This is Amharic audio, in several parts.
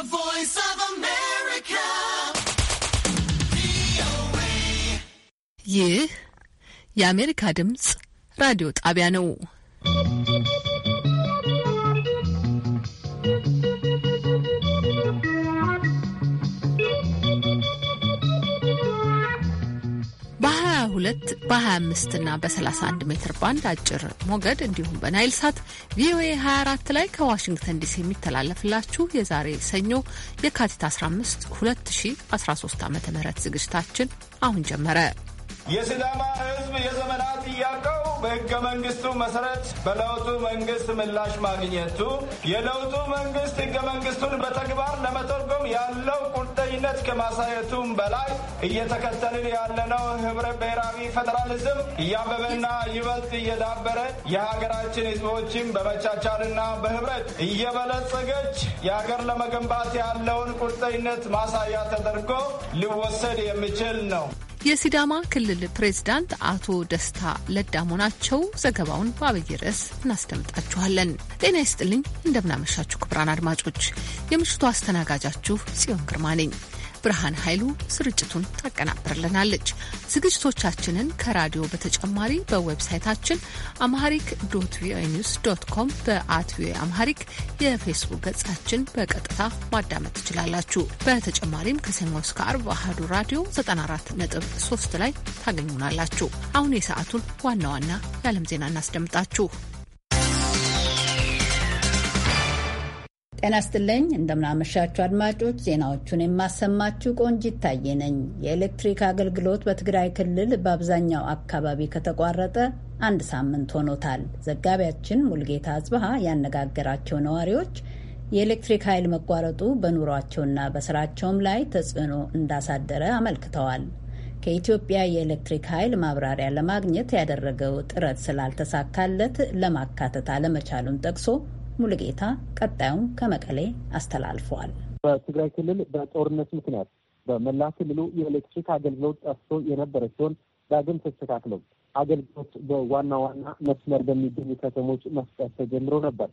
The voice of America. VOA ይህ የአሜሪካ ድምጽ ራዲዮ ጣቢያ ነው። በ በ25 እና በ31 ሜትር ባንድ አጭር ሞገድ እንዲሁም በናይል ሳት ቪኦኤ 24 ላይ ከዋሽንግተን ዲሲ የሚተላለፍላችሁ የዛሬ ሰኞ የካቲት 15 2013 ዓ ም ዝግጅታችን አሁን ጀመረ። የሲዳማ ህዝብ የዘመናት ጥያቄው በህገ መንግስቱ መሰረት በለውጡ መንግስት ምላሽ ማግኘቱ የለውጡ መንግስት ህገ መንግስቱን በተግባር ለመተርጎም ያለው ጀግንነት ከማሳየቱም በላይ እየተከተልን ያለነው ህብረ ብሔራዊ ፌዴራሊዝም እያበበና ይበልጥ እየዳበረ የሀገራችን ህዝቦችን በመቻቻልና በህብረት እየበለጸገች የሀገር ለመገንባት ያለውን ቁርጠኝነት ማሳያ ተደርጎ ሊወሰድ የሚችል ነው። የሲዳማ ክልል ፕሬዝዳንት አቶ ደስታ ለዳ ናቸው። ዘገባውን በአብይ ርዕስ እናስደምጣችኋለን። ጤና ይስጥልኝ፣ እንደምናመሻችሁ ክቡራን አድማጮች፣ የምሽቱ አስተናጋጃችሁ ጽዮን ግርማ ነኝ። ብርሃን ኃይሉ ስርጭቱን ታቀናብርልናለች። ዝግጅቶቻችንን ከራዲዮ በተጨማሪ በዌብሳይታችን አምሃሪክ ዶት ቪኦኤ ኒውስ ዶት ኮም፣ በአት ቪኦኤ አምሃሪክ የፌስቡክ ገጻችን በቀጥታ ማዳመጥ ትችላላችሁ። በተጨማሪም ከሰኞ እስከ አርብ አህዱ ራዲዮ 94.3 ላይ ታገኙናላችሁ። አሁን የሰዓቱን ዋና ዋና የዓለም ዜና እናስደምጣችሁ። ጤና ስትለኝ እንደምናመሻችሁ አድማጮች። ዜናዎቹን የማሰማችሁ ቆንጅ ይታየ ነኝ። የኤሌክትሪክ አገልግሎት በትግራይ ክልል በአብዛኛው አካባቢ ከተቋረጠ አንድ ሳምንት ሆኖታል። ዘጋቢያችን ሙልጌታ አጽብሃ ያነጋገራቸው ነዋሪዎች የኤሌክትሪክ ኃይል መቋረጡ በኑሯቸውና በስራቸውም ላይ ተጽዕኖ እንዳሳደረ አመልክተዋል። ከኢትዮጵያ የኤሌክትሪክ ኃይል ማብራሪያ ለማግኘት ያደረገው ጥረት ስላልተሳካለት ለማካተት አለመቻሉን ጠቅሶ ሙሉጌታ ቀጣዩን ከመቀሌ አስተላልፈዋል። በትግራይ ክልል በጦርነት ምክንያት በመላ ክልሉ የኤሌክትሪክ አገልግሎት ጠፍቶ የነበረ ሲሆን ዳግም ተስተካክለው አገልግሎት በዋና ዋና መስመር በሚገኙ ከተሞች መስጠት ተጀምሮ ነበር።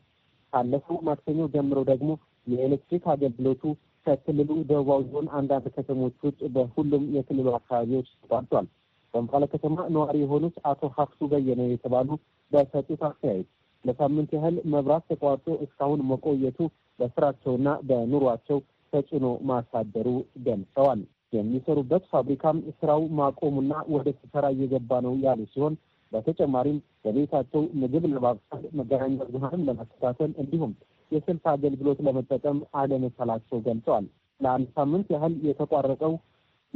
ካለፈው ማክሰኞ ጀምሮ ደግሞ የኤሌክትሪክ አገልግሎቱ ከክልሉ ደቡባዊ ዞን አንዳንድ ከተሞች ውጭ በሁሉም የክልሉ አካባቢዎች ተቋርጧል። በመቀለ ከተማ ነዋሪ የሆኑት አቶ ሀፍቱ በየነ የተባሉ በሰጡት አስተያየት ለሳምንት ያህል መብራት ተቋርጦ እስካሁን መቆየቱ በስራቸውና በኑሯቸው ተጽዕኖ ማሳደሩ ገልጸዋል። የሚሰሩበት ፋብሪካም ስራው ማቆሙና ወደ ስፈራ እየገባ ነው ያሉ ሲሆን በተጨማሪም በቤታቸው ምግብ ለማብሰል መገናኛ ብዙኃንም ለመከታተል እንዲሁም የስልክ አገልግሎት ለመጠቀም አለመቻላቸው ገልጸዋል። ለአንድ ሳምንት ያህል የተቋረጠው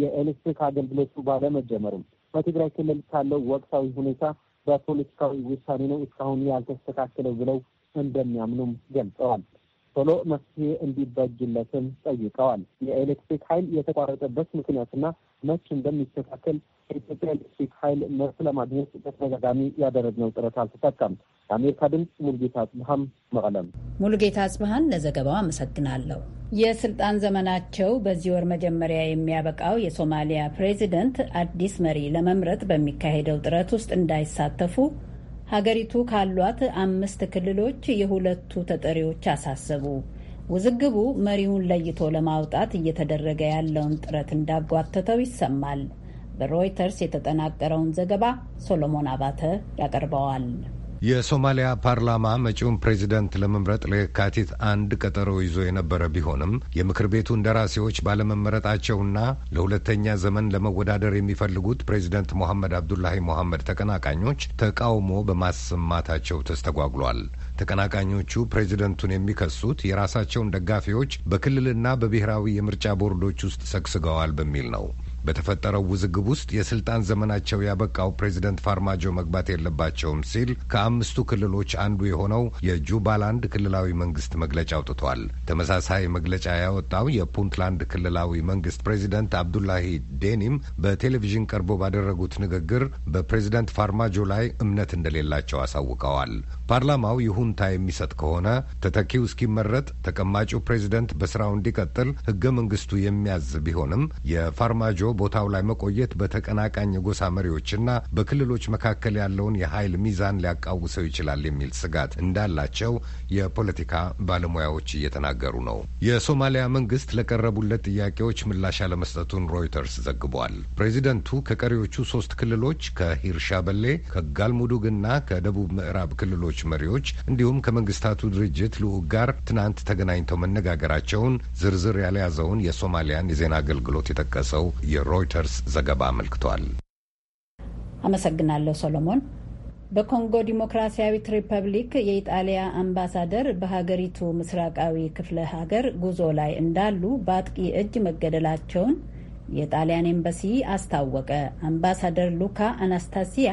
የኤሌክትሪክ አገልግሎቱ ባለመጀመሩም በትግራይ ክልል ካለው ወቅታዊ ሁኔታ በፖለቲካዊ ውሳኔ ነው እስካሁን ያልተስተካከለው ብለው እንደሚያምኑም ገልጸዋል። ቶሎ መፍትሄ እንዲበጅለትም ጠይቀዋል። የኤሌክትሪክ ኃይል የተቋረጠበት ምክንያትና መች እንደሚስተካከል የኢትዮጵያ ኤሌክትሪክ ኃይል መልስ ለማግኘት በተደጋጋሚ ያደረግነው ጥረት አልተሳካም። የአሜሪካ ድምፅ ሙልጌታ አጽብሃም መቀለም። ሙልጌታ አጽብሃን ለዘገባው አመሰግናለሁ። የስልጣን ዘመናቸው በዚህ ወር መጀመሪያ የሚያበቃው የሶማሊያ ፕሬዚደንት አዲስ መሪ ለመምረጥ በሚካሄደው ጥረት ውስጥ እንዳይሳተፉ ሀገሪቱ ካሏት አምስት ክልሎች የሁለቱ ተጠሪዎች አሳሰቡ። ውዝግቡ መሪውን ለይቶ ለማውጣት እየተደረገ ያለውን ጥረት እንዳጓተተው ይሰማል። በሮይተርስ የተጠናቀረውን ዘገባ ሶሎሞን አባተ ያቀርበዋል። የሶማሊያ ፓርላማ መጪውን ፕሬዚደንት ለመምረጥ ለየካቲት አንድ ቀጠሮ ይዞ የነበረ ቢሆንም የምክር ቤቱ እንደራሴዎች ባለመመረጣቸውና ለሁለተኛ ዘመን ለመወዳደር የሚፈልጉት ፕሬዚደንት ሞሐመድ አብዱላሂ ሞሐመድ ተቀናቃኞች ተቃውሞ በማሰማታቸው ተስተጓጉሏል። ተቀናቃኞቹ ፕሬዚደንቱን የሚከሱት የራሳቸውን ደጋፊዎች በክልልና በብሔራዊ የምርጫ ቦርዶች ውስጥ ሰግስገዋል በሚል ነው። በተፈጠረው ውዝግብ ውስጥ የስልጣን ዘመናቸው ያበቃው ፕሬዚደንት ፋርማጆ መግባት የለባቸውም ሲል ከአምስቱ ክልሎች አንዱ የሆነው የጁባላንድ ክልላዊ መንግስት መግለጫ አውጥቷል። ተመሳሳይ መግለጫ ያወጣው የፑንትላንድ ክልላዊ መንግስት ፕሬዚደንት አብዱላሂ ዴኒም በቴሌቪዥን ቀርቦ ባደረጉት ንግግር በፕሬዚደንት ፋርማጆ ላይ እምነት እንደሌላቸው አሳውቀዋል። ፓርላማው ይሁንታ የሚሰጥ ከሆነ ተተኪው እስኪመረጥ ተቀማጩ ፕሬዚደንት በስራው እንዲቀጥል ህገ መንግስቱ የሚያዝ ቢሆንም የፋርማጆ ቦታው ላይ መቆየት በተቀናቃኝ የጎሳ መሪዎችና በክልሎች መካከል ያለውን የኃይል ሚዛን ሊያቃውሰው ይችላል የሚል ስጋት እንዳላቸው የፖለቲካ ባለሙያዎች እየተናገሩ ነው። የሶማሊያ መንግስት ለቀረቡለት ጥያቄዎች ምላሽ አለመስጠቱን ሮይተርስ ዘግቧል። ፕሬዚደንቱ ከቀሪዎቹ ሶስት ክልሎች ከሂርሻ በሌ ከጋልሙዱግና ከደቡብ ምዕራብ ክልሎች ሀገሮች መሪዎች እንዲሁም ከመንግስታቱ ድርጅት ልዑክ ጋር ትናንት ተገናኝተው መነጋገራቸውን ዝርዝር ያልያዘውን የሶማሊያን የዜና አገልግሎት የጠቀሰው የሮይተርስ ዘገባ አመልክቷል። አመሰግናለሁ ሰሎሞን። በኮንጎ ዲሞክራሲያዊት ሪፐብሊክ የኢጣሊያ አምባሳደር በሀገሪቱ ምስራቃዊ ክፍለ ሀገር ጉዞ ላይ እንዳሉ በአጥቂ እጅ መገደላቸውን የጣሊያን ኤምባሲ አስታወቀ። አምባሳደር ሉካ አናስታሲያ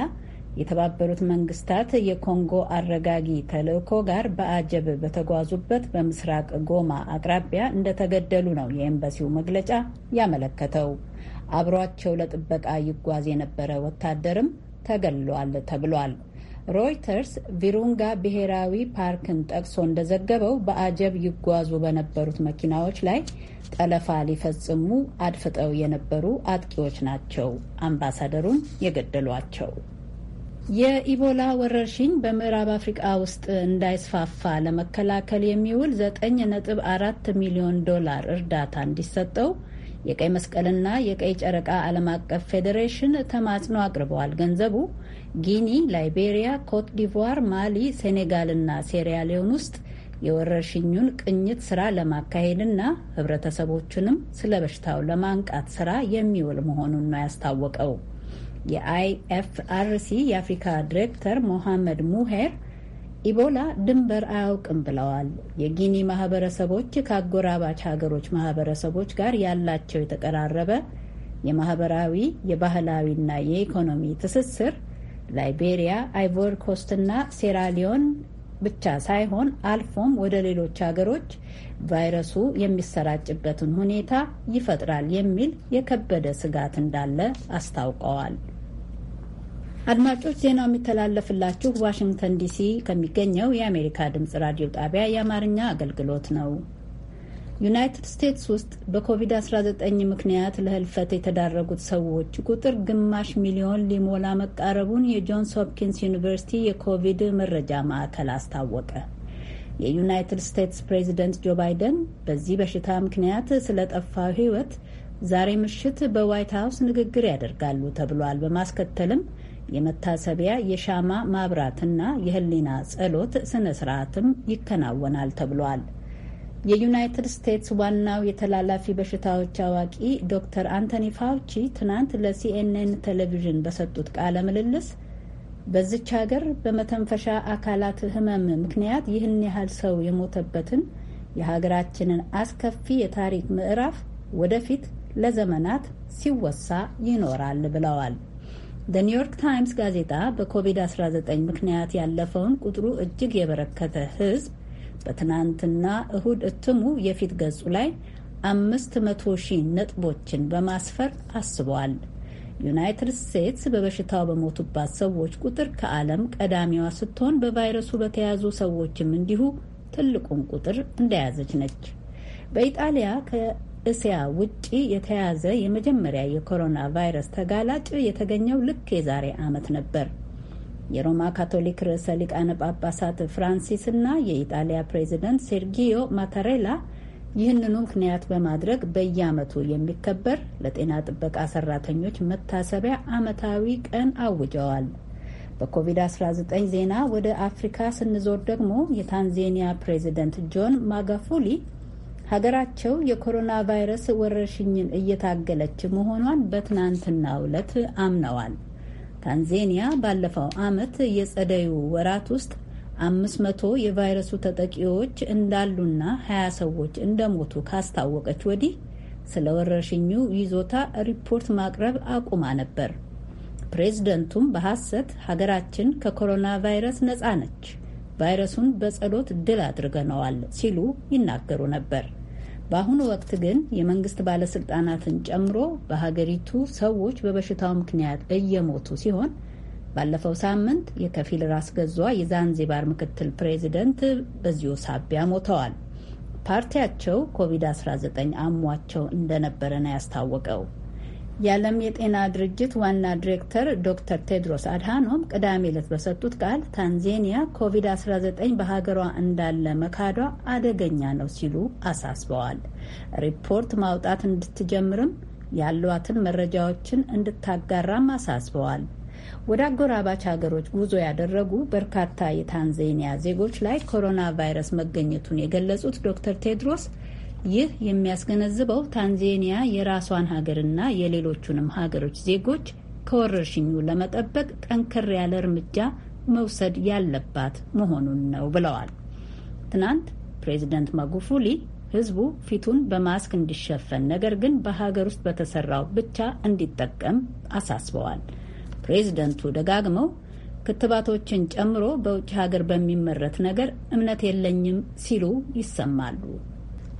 የተባበሩት መንግስታት የኮንጎ አረጋጊ ተልእኮ ጋር በአጀብ በተጓዙበት በምስራቅ ጎማ አቅራቢያ እንደተገደሉ ነው የኤምባሲው መግለጫ ያመለከተው። አብሯቸው ለጥበቃ ይጓዝ የነበረ ወታደርም ተገሏል ተብሏል። ሮይተርስ ቪሩንጋ ብሔራዊ ፓርክን ጠቅሶ እንደዘገበው በአጀብ ይጓዙ በነበሩት መኪናዎች ላይ ጠለፋ ሊፈጽሙ አድፍጠው የነበሩ አጥቂዎች ናቸው አምባሳደሩን የገደሏቸው። የኢቦላ ወረርሽኝ በምዕራብ አፍሪቃ ውስጥ እንዳይስፋፋ ለመከላከል የሚውል ዘጠኝ ነጥብ አራት ሚሊዮን ዶላር እርዳታ እንዲሰጠው የቀይ መስቀልና የቀይ ጨረቃ ዓለም አቀፍ ፌዴሬሽን ተማጽኖ አቅርበዋል። ገንዘቡ ጊኒ፣ ላይቤሪያ፣ ኮት ዲቯር፣ ማሊ፣ ሴኔጋልና ሴሪያሊዮን ውስጥ የወረርሽኙን ቅኝት ስራ ለማካሄድና ህብረተሰቦቹንም ስለ በሽታው ለማንቃት ስራ የሚውል መሆኑን ነው ያስታወቀው። የአይኤፍአርሲ የአፍሪካ ዲሬክተር ሞሐመድ ሙሄር ኢቦላ ድንበር አያውቅም ብለዋል። የጊኒ ማህበረሰቦች ከአጎራባች ሀገሮች ማህበረሰቦች ጋር ያላቸው የተቀራረበ የማህበራዊ የባህላዊና የኢኮኖሚ ትስስር ላይቤሪያ፣ አይቮር ኮስትና ሴራሊዮን ብቻ ሳይሆን አልፎም ወደ ሌሎች ሀገሮች ቫይረሱ የሚሰራጭበትን ሁኔታ ይፈጥራል የሚል የከበደ ስጋት እንዳለ አስታውቀዋል። አድማጮች ዜናው የሚተላለፍላችሁ ዋሽንግተን ዲሲ ከሚገኘው የአሜሪካ ድምጽ ራዲዮ ጣቢያ የአማርኛ አገልግሎት ነው። ዩናይትድ ስቴትስ ውስጥ በኮቪድ-19 ምክንያት ለህልፈት የተዳረጉት ሰዎች ቁጥር ግማሽ ሚሊዮን ሊሞላ መቃረቡን የጆንስ ሆፕኪንስ ዩኒቨርሲቲ የኮቪድ መረጃ ማዕከል አስታወቀ። የዩናይትድ ስቴትስ ፕሬዚደንት ጆ ባይደን በዚህ በሽታ ምክንያት ስለጠፋው ህይወት ዛሬ ምሽት በዋይት ሀውስ ንግግር ያደርጋሉ ተብሏል። በማስከተልም የመታሰቢያ የሻማ ማብራትና የህሊና ጸሎት ስነ ስርዓትም ይከናወናል ተብሏል። የዩናይትድ ስቴትስ ዋናው የተላላፊ በሽታዎች አዋቂ ዶክተር አንቶኒ ፋውቺ ትናንት ለሲኤንኤን ቴሌቪዥን በሰጡት ቃለ ምልልስ በዚች ሀገር በመተንፈሻ አካላት ህመም ምክንያት ይህን ያህል ሰው የሞተበትን የሀገራችንን አስከፊ የታሪክ ምዕራፍ ወደፊት ለዘመናት ሲወሳ ይኖራል ብለዋል። ኒውዮርክ ታይምስ ጋዜጣ በኮቪድ-19 ምክንያት ያለፈውን ቁጥሩ እጅግ የበረከተ ሕዝብ በትናንትና እሁድ እትሙ የፊት ገጹ ላይ አምስት መቶ ሺህ ነጥቦችን በማስፈር አስበዋል። ዩናይትድ ስቴትስ በበሽታው በሞቱባት ሰዎች ቁጥር ከዓለም ቀዳሚዋ ስትሆን በቫይረሱ በተያዙ ሰዎችም እንዲሁ ትልቁን ቁጥር እንደያዘች ነች። በኢጣሊያ እስያ ውጪ የተያዘ የመጀመሪያ የኮሮና ቫይረስ ተጋላጭ የተገኘው ልክ የዛሬ ዓመት ነበር። የሮማ ካቶሊክ ርዕሰ ሊቃነ ጳጳሳት ፍራንሲስ እና የኢጣሊያ ፕሬዚደንት ሴርጊዮ ማታሬላ ይህንኑ ምክንያት በማድረግ በየዓመቱ የሚከበር ለጤና ጥበቃ ሰራተኞች መታሰቢያ ዓመታዊ ቀን አውጀዋል። በኮቪድ-19 ዜና ወደ አፍሪካ ስንዞር ደግሞ የታንዜኒያ ፕሬዚደንት ጆን ማጋፉሊ ሀገራቸው የኮሮና ቫይረስ ወረርሽኝን እየታገለች መሆኗን በትናንትና ዕለት አምነዋል። ታንዜኒያ ባለፈው ዓመት የጸደዩ ወራት ውስጥ አምስት መቶ የቫይረሱ ተጠቂዎች እንዳሉና ሀያ ሰዎች እንደሞቱ ካስታወቀች ወዲህ ስለ ወረርሽኙ ይዞታ ሪፖርት ማቅረብ አቁማ ነበር። ፕሬዝደንቱም በሐሰት ሀገራችን ከኮሮና ቫይረስ ነጻ ነች ቫይረሱን በጸሎት ድል አድርገነዋል ሲሉ ይናገሩ ነበር። በአሁኑ ወቅት ግን የመንግስት ባለስልጣናትን ጨምሮ በሀገሪቱ ሰዎች በበሽታው ምክንያት እየሞቱ ሲሆን ባለፈው ሳምንት የከፊል ራስ ገዟ የዛንዚባር ምክትል ፕሬዚደንት በዚሁ ሳቢያ ሞተዋል። ፓርቲያቸው ኮቪድ-19 አሟቸው እንደነበረ ነው ያስታወቀው። የዓለም የጤና ድርጅት ዋና ዲሬክተር ዶክተር ቴድሮስ አድሃኖም ቅዳሜ ዕለት በሰጡት ቃል ታንዜኒያ ኮቪድ-19 በሀገሯ እንዳለ መካዷ አደገኛ ነው ሲሉ አሳስበዋል። ሪፖርት ማውጣት እንድትጀምርም ያሏትን መረጃዎችን እንድታጋራም አሳስበዋል። ወደ አጎራባች ሀገሮች ጉዞ ያደረጉ በርካታ የታንዜኒያ ዜጎች ላይ ኮሮና ቫይረስ መገኘቱን የገለጹት ዶክተር ቴድሮስ ይህ የሚያስገነዝበው ታንዜኒያ የራሷን ሀገርና የሌሎቹንም ሀገሮች ዜጎች ከወረርሽኙ ለመጠበቅ ጠንከር ያለ እርምጃ መውሰድ ያለባት መሆኑን ነው ብለዋል። ትናንት ፕሬዚደንት ማጉፉሊ ህዝቡ ፊቱን በማስክ እንዲሸፈን ነገር ግን በሀገር ውስጥ በተሰራው ብቻ እንዲጠቀም አሳስበዋል። ፕሬዚደንቱ ደጋግመው ክትባቶችን ጨምሮ በውጭ ሀገር በሚመረት ነገር እምነት የለኝም ሲሉ ይሰማሉ።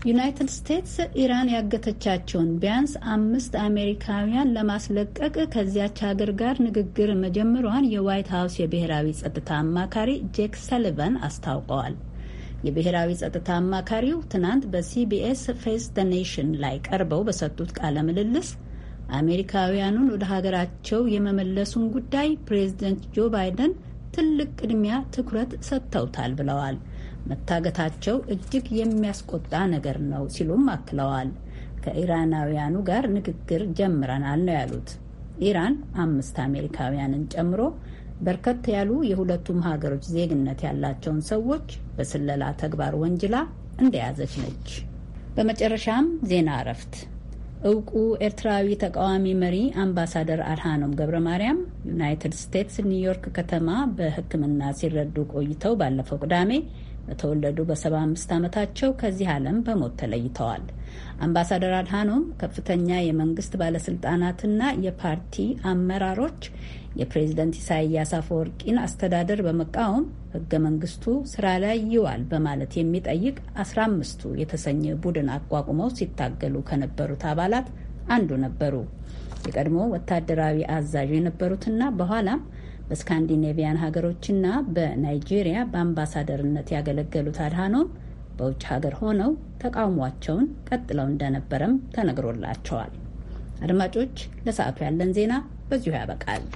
ዩናይትድ ስቴትስ ኢራን ያገተቻቸውን ቢያንስ አምስት አሜሪካውያን ለማስለቀቅ ከዚያች ሀገር ጋር ንግግር መጀመሯን የዋይት ሀውስ የብሔራዊ ጸጥታ አማካሪ ጄክ ሰሊቫን አስታውቀዋል። የብሔራዊ ጸጥታ አማካሪው ትናንት በሲቢኤስ ፌስ ደ ኔሽን ላይ ቀርበው በሰጡት ቃለ ምልልስ አሜሪካውያኑን ወደ ሀገራቸው የመመለሱን ጉዳይ ፕሬዝደንት ጆ ባይደን ትልቅ ቅድሚያ ትኩረት ሰጥተውታል ብለዋል። መታገታቸው እጅግ የሚያስቆጣ ነገር ነው ሲሉም አክለዋል። ከኢራናውያኑ ጋር ንግግር ጀምረናል ነው ያሉት። ኢራን አምስት አሜሪካውያንን ጨምሮ በርከት ያሉ የሁለቱም ሀገሮች ዜግነት ያላቸውን ሰዎች በስለላ ተግባር ወንጅላ እንደያዘች ነች። በመጨረሻም ዜና እረፍት እውቁ ኤርትራዊ ተቃዋሚ መሪ አምባሳደር አድሃኖም ገብረ ማርያም ዩናይትድ ስቴትስ ኒውዮርክ ከተማ በሕክምና ሲረዱ ቆይተው ባለፈው ቅዳሜ በተወለዱ በ75 ዓመታቸው ከዚህ ዓለም በሞት ተለይተዋል። አምባሳደር አድሃኖም ከፍተኛ የመንግስት ባለስልጣናትና የፓርቲ አመራሮች የፕሬዝደንት ኢሳያስ አፈወርቂን አስተዳደር በመቃወም ህገ መንግስቱ ስራ ላይ ይዋል በማለት የሚጠይቅ 15ቱ የተሰኘ ቡድን አቋቁመው ሲታገሉ ከነበሩት አባላት አንዱ ነበሩ። የቀድሞ ወታደራዊ አዛዥ የነበሩትና በኋላም በስካንዲኔቪያን ሀገሮችና በናይጄሪያ በአምባሳደርነት ያገለገሉት አድሃኖም በውጭ ሀገር ሆነው ተቃውሟቸውን ቀጥለው እንደነበረም ተነግሮላቸዋል። አድማጮች፣ ለሰዓቱ ያለን ዜና በዚሁ ያበቃል።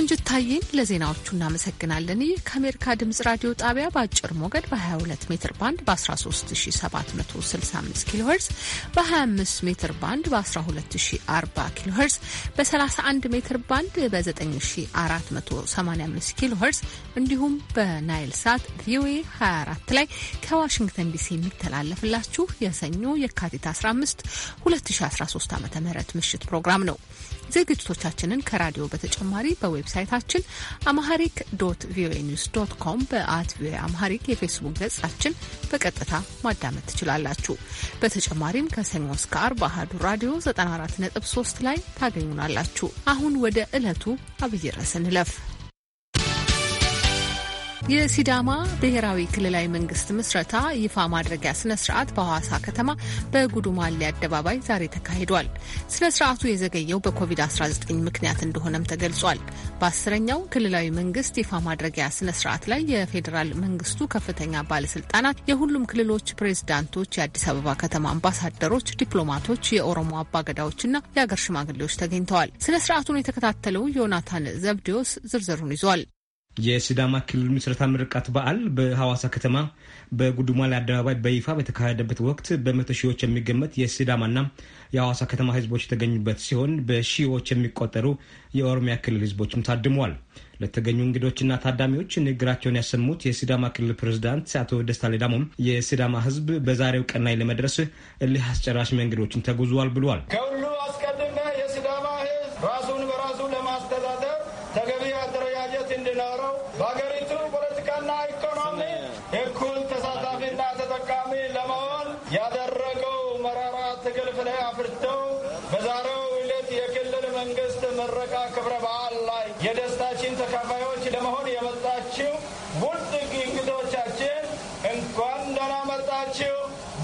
ቆንጅታዬን ለዜናዎቹ እናመሰግናለን። ይህ ከአሜሪካ ድምጽ ራዲዮ ጣቢያ በአጭር ሞገድ በ22 ሜትር ባንድ በ13765 ኪሎ ሄርዝ፣ በ25 ሜትር ባንድ በ1240 ኪሎ ሄርዝ፣ በ31 ሜትር ባንድ በ9485 ኪሎ ሄርዝ እንዲሁም በናይል ሳት ቪኦኤ 24 ላይ ከዋሽንግተን ዲሲ የሚተላለፍላችሁ የሰኞ የካቲት 15 2013 ዓ ም ምሽት ፕሮግራም ነው። ዝግጅቶቻችንን ከራዲዮ በተጨማሪ በዌብሳይታችን አማሐሪክ ዶት ቪኦኤ ኒውስ ዶት ኮም በአት ቪኦኤ አማሐሪክ የፌስቡክ ገጻችን በቀጥታ ማዳመጥ ትችላላችሁ። በተጨማሪም ከሰኞ እስከ አርብ አህዱ ራዲዮ 94.3 ላይ ታገኙናላችሁ። አሁን ወደ ዕለቱ አብይ ርዕስ እንለፍ። የሲዳማ ብሔራዊ ክልላዊ መንግስት ምስረታ ይፋ ማድረጊያ ስነ ስርዓት በሐዋሳ ከተማ በጉዱማሌ አደባባይ ዛሬ ተካሂዷል። ስነ ስርዓቱ የዘገየው በኮቪድ-19 ምክንያት እንደሆነም ተገልጿል። በአስረኛው ክልላዊ መንግስት ይፋ ማድረጊያ ስነ ስርዓት ላይ የፌዴራል መንግስቱ ከፍተኛ ባለስልጣናት፣ የሁሉም ክልሎች ፕሬዝዳንቶች፣ የአዲስ አበባ ከተማ አምባሳደሮች፣ ዲፕሎማቶች፣ የኦሮሞ አባገዳዎችና የአገር ሽማግሌዎች ተገኝተዋል። ስነ ስርዓቱን የተከታተለው ዮናታን ዘብዲዮስ ዝርዝሩን ይዟል። የሲዳማ ክልል ምስረታ ምርቃት በዓል በሐዋሳ ከተማ በጉዱማሌ አደባባይ በይፋ በተካሄደበት ወቅት በመቶ ሺዎች የሚገመት የሲዳማና የሐዋሳ ከተማ ህዝቦች የተገኙበት ሲሆን በሺዎች የሚቆጠሩ የኦሮሚያ ክልል ህዝቦችም ታድመዋል። ለተገኙ እንግዶችና ታዳሚዎች ንግግራቸውን ያሰሙት የሲዳማ ክልል ፕሬዝዳንት አቶ ደስታ ሌዳሞም የሲዳማ ህዝብ በዛሬው ቀን ላይ ለመድረስ እልህ አስጨራሽ መንገዶችን ተጉዟል ብሏል። ክብረ በዓል ላይ የደስታችን ተካፋዮች ለመሆን የመጣችው ውድ እንግዶቻችን እንኳን ደህና መጣችሁ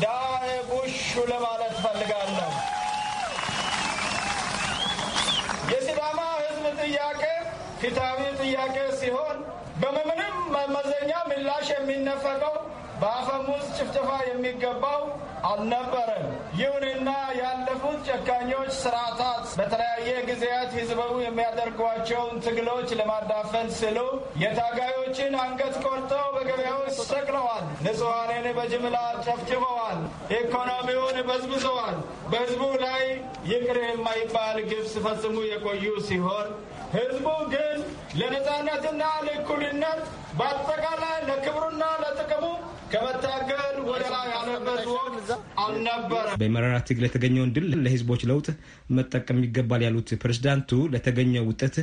ዳሄ ቡሹ ለማለት ፈልጋለሁ። የሲዳማ ሕዝብ ጥያቄ ፊታዊ ጥያቄ ሲሆን በምንም መመዘኛ ምላሽ የሚነፈቀው በአፈሙዝ ጭፍጨፋ የሚገባው አልነበረም። ይሁንና ያለፉት ጨካኞች ስርዓታት በተለያየ ጊዜያት ህዝበው የሚያደርጓቸውን ትግሎች ለማዳፈን ሲሉ የታጋዮችን አንገት ቆርጠው በገበያዎች ሰቅለዋል። ንጹሐንን በጅምላ ጨፍጭፈዋል። ኢኮኖሚውን በዝብዘዋል። በህዝቡ ላይ ይቅር የማይባል ግብ ሲፈጽሙ የቆዩ ሲሆን ህዝቡ ግን ለነጻነትና ለእኩልነት በአጠቃላይ ለክብሩና ለጥቅሙ ከመታገል ወደ ላይ ያለበት ወቅት አልነበረ። በመራራ ትግል የተገኘውን ድል ለህዝቦች ለውጥ መጠቀም ይገባል ያሉት ፕሬዚዳንቱ ለተገኘው ውጤት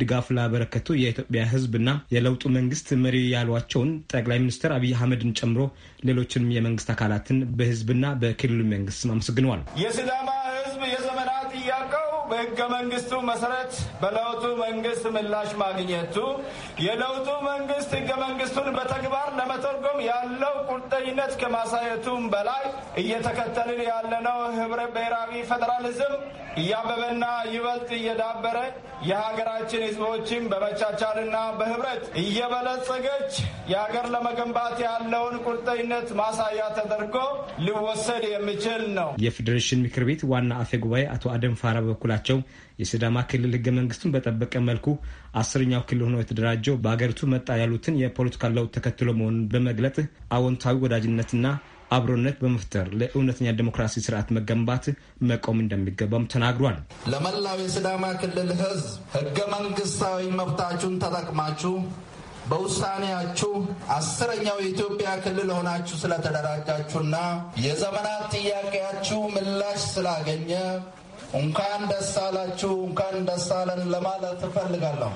ድጋፍ ላበረከቱ የኢትዮጵያ ህዝብና የለውጡ መንግስት መሪ ያሏቸውን ጠቅላይ ሚኒስትር አብይ አህመድን ጨምሮ ሌሎችንም የመንግስት አካላትን በህዝብና በክልሉ መንግስት አመስግነዋል። በህገ መንግስቱ መሰረት በለውጡ መንግስት ምላሽ ማግኘቱ የለውጡ መንግስት ህገ መንግስቱን በተግባር ለመተርጎም ያለው ቁርጠኝነት ከማሳየቱም በላይ እየተከተልን ያለነው ህብረ ብሔራዊ ፌዴራሊዝም እያበበና ይበልጥ እየዳበረ የሀገራችን ህዝቦችን በመቻቻልና በህብረት እየበለጸገች የሀገር ለመገንባት ያለውን ቁርጠኝነት ማሳያ ተደርጎ ሊወሰድ የሚችል ነው። የፌዴሬሽን ምክር ቤት ዋና አፈ ጉባኤ አቶ አደም ፋራ በኩል በመሆናቸው የሲዳማ ክልል ህገ መንግስቱን በጠበቀ መልኩ አስረኛው ክልል ሆኖ የተደራጀው በሀገሪቱ መጣ ያሉትን የፖለቲካ ለውጥ ተከትሎ መሆኑን በመግለጥ አዎንታዊ ወዳጅነትና አብሮነት በመፍጠር ለእውነተኛ ዴሞክራሲ ስርዓት መገንባት መቆም እንደሚገባም ተናግሯል። ለመላው የሲዳማ ክልል ህዝብ ህገ መንግስታዊ መብታችሁን ተጠቅማችሁ በውሳኔያችሁ አስረኛው የኢትዮጵያ ክልል ሆናችሁ ስለተደራጃችሁና የዘመናት ጥያቄያችሁ ምላሽ ስላገኘ እንኳን ደስ አላችሁ፣ እንኳን ደስ አለን ለማለት እፈልጋለሁ።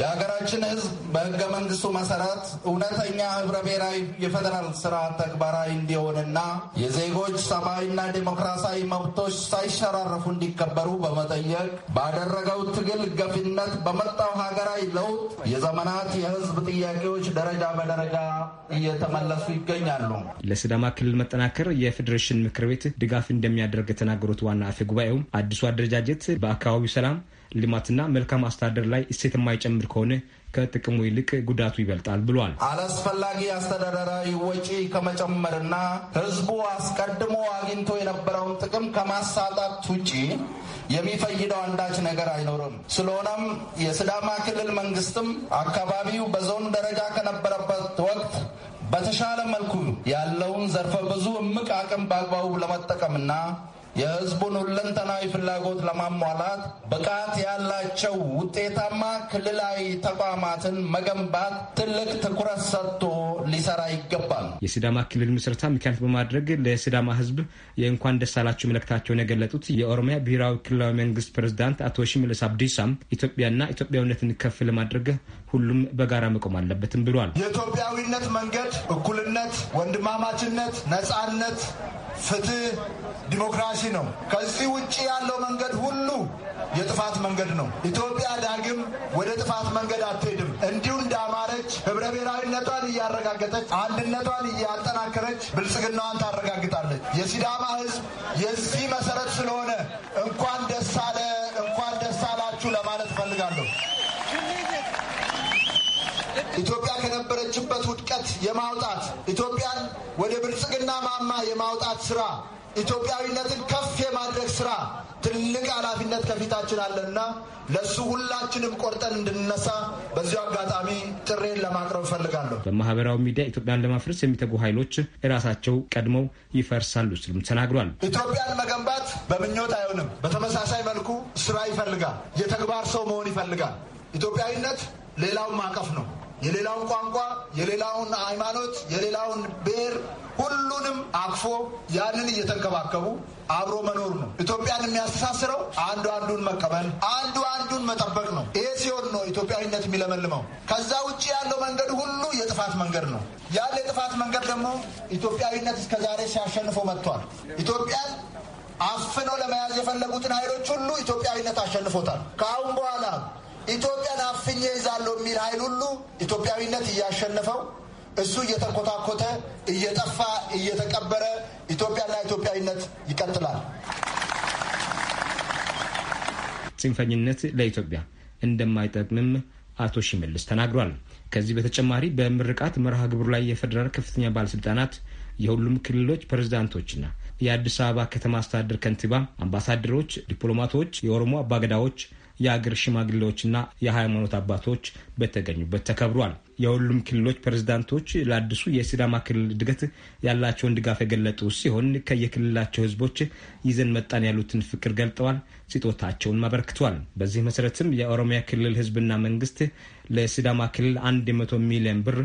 የሀገራችን ህዝብ በህገ መንግስቱ መሰረት እውነተኛ ህብረ ብሔራዊ የፌዴራል ስርዓት ተግባራዊ እንዲሆንና የዜጎች ሰብአዊና ዴሞክራሲያዊ መብቶች ሳይሸራረፉ እንዲከበሩ በመጠየቅ ባደረገው ትግል ገፊነት በመጣው ሀገራዊ ለውጥ የዘመናት የህዝብ ጥያቄዎች ደረጃ በደረጃ እየተመለሱ ይገኛሉ። ለስዳማ ክልል መጠናከር የፌዴሬሽን ምክር ቤት ድጋፍ እንደሚያደርግ የተናገሩት ዋና አፈ ጉባኤው አዲሱ አደረጃጀት በአካባቢው ሰላም ልማትና መልካም አስተዳደር ላይ እሴት የማይጨምር ከሆነ ከጥቅሙ ይልቅ ጉዳቱ ይበልጣል ብሏል። አላስፈላጊ አስተዳደራዊ ወጪ ከመጨመርና ሕዝቡ አስቀድሞ አግኝቶ የነበረውን ጥቅም ከማሳጣት ውጪ የሚፈይደው አንዳች ነገር አይኖርም። ስለሆነም የስዳማ ክልል መንግስትም አካባቢው በዞን ደረጃ ከነበረበት ወቅት በተሻለ መልኩ ያለውን ዘርፈ ብዙ እምቅ አቅም በአግባቡ ለመጠቀምና የህዝቡን ሁለንተናዊ ፍላጎት ለማሟላት ብቃት ያላቸው ውጤታማ ክልላዊ ተቋማትን መገንባት ትልቅ ትኩረት ሰጥቶ ሊሰራ ይገባል። የሲዳማ ክልል ምስረታ ምክንያት በማድረግ ለሲዳማ ህዝብ የእንኳን ደስ አላችሁ መልእክታቸውን የገለጡት የኦሮሚያ ብሔራዊ ክልላዊ መንግስት ፕሬዚዳንት አቶ ሽመልስ አብዲሳም ኢትዮጵያና ኢትዮጵያዊነትን ከፍ ለማድረግ ሁሉም በጋራ መቆም አለበትም ብሏል። የኢትዮጵያዊነት መንገድ እኩልነት፣ ወንድማማችነት፣ ነጻነት፣ ፍትህ፣ ዲሞክራሲ ነው። ከዚህ ውጭ ያለው መንገድ ሁሉ የጥፋት መንገድ ነው። ኢትዮጵያ ዳግም ወደ ጥፋት መንገድ አትሄድም። እንዲሁ እንዳማረች ህብረ ብሔራዊነቷን እያረጋገጠች አንድነቷን እያጠናከረች ብልጽግናዋን ታረጋግጣለች። የሲዳማ ህዝብ የዚህ መሰረት ስለሆነ እንኳን ደስ አለ፣ እንኳን ደስ አላችሁ ለማለት ፈልጋለሁ። ኢትዮጵያ ከነበረችበት ውድቀት የማውጣት ኢትዮጵያን ወደ ብልጽግና ማማ የማውጣት ስራ ኢትዮጵያዊነትን ከፍ የማድረግ ስራ ትልቅ ኃላፊነት ከፊታችን አለና ለእሱ ሁላችንም ቆርጠን እንድንነሳ በዚሁ አጋጣሚ ጥሬን ለማቅረብ እፈልጋለሁ። በማህበራዊ ሚዲያ ኢትዮጵያን ለማፍረስ የሚተጉ ኃይሎች እራሳቸው ቀድመው ይፈርሳሉ ሲሉም ተናግሯል። ኢትዮጵያን መገንባት በምኞት አይሆንም። በተመሳሳይ መልኩ ስራ ይፈልጋል። የተግባር ሰው መሆን ይፈልጋል። ኢትዮጵያዊነት ሌላውን ማቀፍ ነው። የሌላውን ቋንቋ፣ የሌላውን ሃይማኖት፣ የሌላውን ብሔር ሁሉንም አቅፎ ያንን እየተንከባከቡ አብሮ መኖር ነው። ኢትዮጵያን የሚያስተሳስረው አንዱ አንዱን መቀበል፣ አንዱ አንዱን መጠበቅ ነው። ይሄ ሲሆን ነው ኢትዮጵያዊነት የሚለመልመው። ከዛ ውጭ ያለው መንገድ ሁሉ የጥፋት መንገድ ነው። ያለ የጥፋት መንገድ ደግሞ ኢትዮጵያዊነት እስከዛሬ ሲያሸንፎ መጥቷል። ኢትዮጵያን አፍነው ለመያዝ የፈለጉትን ኃይሎች ሁሉ ኢትዮጵያዊነት አሸንፎታል። ከአሁን በኋላ ኢትዮጵያን አፍኜ ይዛለሁ የሚል ኃይል ሁሉ ኢትዮጵያዊነት እያሸነፈው እሱ እየተንኮታኮተ እየጠፋ እየተቀበረ ኢትዮጵያና ኢትዮጵያዊነት ይቀጥላል። ጽንፈኝነት ለኢትዮጵያ እንደማይጠቅምም አቶ ሽመልስ ተናግሯል። ከዚህ በተጨማሪ በምርቃት መርሃ ግብሩ ላይ የፌዴራል ከፍተኛ ባለስልጣናት፣ የሁሉም ክልሎች ፕሬዝዳንቶችና የአዲስ አበባ ከተማ አስተዳደር ከንቲባ፣ አምባሳደሮች፣ ዲፕሎማቶች፣ የኦሮሞ አባገዳዎች የአገር ሽማግሌዎችና የሃይማኖት አባቶች በተገኙበት ተከብሯል። የሁሉም ክልሎች ፕሬዝዳንቶች ለአዲሱ የሲዳማ ክልል እድገት ያላቸውን ድጋፍ የገለጡ ሲሆን ከየክልላቸው ህዝቦች ይዘን መጣን ያሉትን ፍቅር ገልጠዋል፣ ስጦታቸውን አበርክተዋል። በዚህ መሰረትም የኦሮሚያ ክልል ህዝብና መንግስት ለሲዳማ ክልል 100 ሚሊዮን ብር፣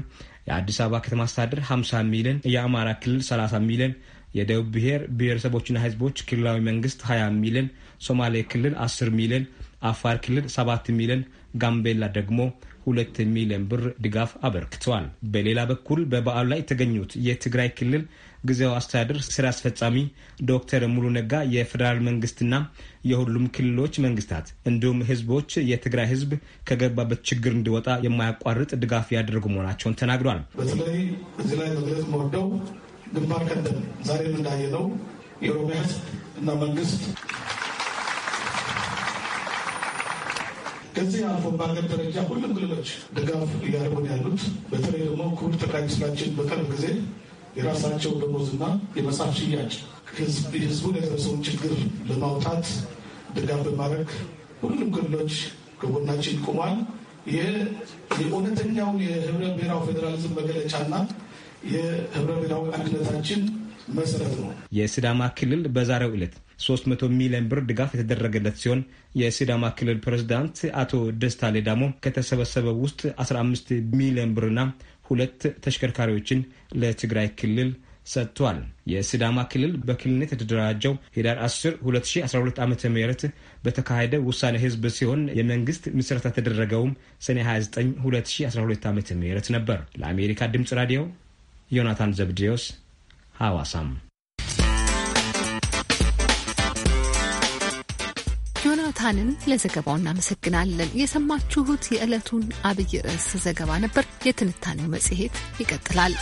የአዲስ አበባ ከተማ አስተዳደር 50 ሚሊዮን፣ የአማራ ክልል 30 ሚሊዮን የደቡብ ብሔር ብሔረሰቦችና ህዝቦች ክልላዊ መንግስት 20 ሚሊዮን፣ ሶማሌ ክልል 10 ሚሊዮን አፋር ክልል ሰባት ሚሊዮን ጋምቤላ ደግሞ ሁለት ሚሊዮን ብር ድጋፍ አበርክተዋል። በሌላ በኩል በበዓሉ ላይ የተገኙት የትግራይ ክልል ጊዜያዊ አስተዳደር ስራ አስፈጻሚ ዶክተር ሙሉ ነጋ የፌዴራል መንግስትና የሁሉም ክልሎች መንግስታት እንዲሁም ህዝቦች የትግራይ ህዝብ ከገባበት ችግር እንዲወጣ የማያቋርጥ ድጋፍ ያደረጉ መሆናቸውን ተናግሯል። በተለይ እዚህ ላይ መግለጽ መወደው ግንባር ቀደም ዛሬ የምናየነው የኦሮሚያ ህዝብ እና መንግስት ከዚህ አልፎ በሀገር ደረጃ ሁሉም ክልሎች ድጋፍ እያደረጉን ያሉት በተለይ ደግሞ ክቡር ጠቅላይ ሚኒስትራችን በቅርብ ጊዜ የራሳቸው ደሞዝና የመጽሐፍ ሽያጭ ህዝቡን የደረሰውን ችግር ለማውጣት ድጋፍ በማድረግ ሁሉም ክልሎች ከጎናችን ቁሟል። ይህ የእውነተኛውን የህብረ ብሔራዊ ፌዴራሊዝም መገለጫና የህብረ ብሔራዊ አንድነታችን መሰረት ነው። የስዳማ ክልል በዛሬው ዕለት 300 ሚሊዮን ብር ድጋፍ የተደረገለት ሲሆን የሲዳማ ክልል ፕሬዚዳንት አቶ ደስታ ሌዳሞ ከተሰበሰበው ውስጥ 15 ሚሊዮን ብርና ሁለት ተሽከርካሪዎችን ለትግራይ ክልል ሰጥቷል። የሲዳማ ክልል በክልልነት የተደራጀው ሂዳር 10 2012 ዓ ም በተካሄደ ውሳኔ ህዝብ ሲሆን የመንግስት ምስረታ የተደረገውም ሰኔ 29 2012 ዓ ም ነበር። ለአሜሪካ ድምፅ ራዲዮ ዮናታን ዘብዲዮስ ሐዋሳም ካንን ለዘገባው እናመሰግናለን። የሰማችሁት የዕለቱን አብይ ርዕስ ዘገባ ነበር። የትንታኔው መጽሔት ይቀጥላል።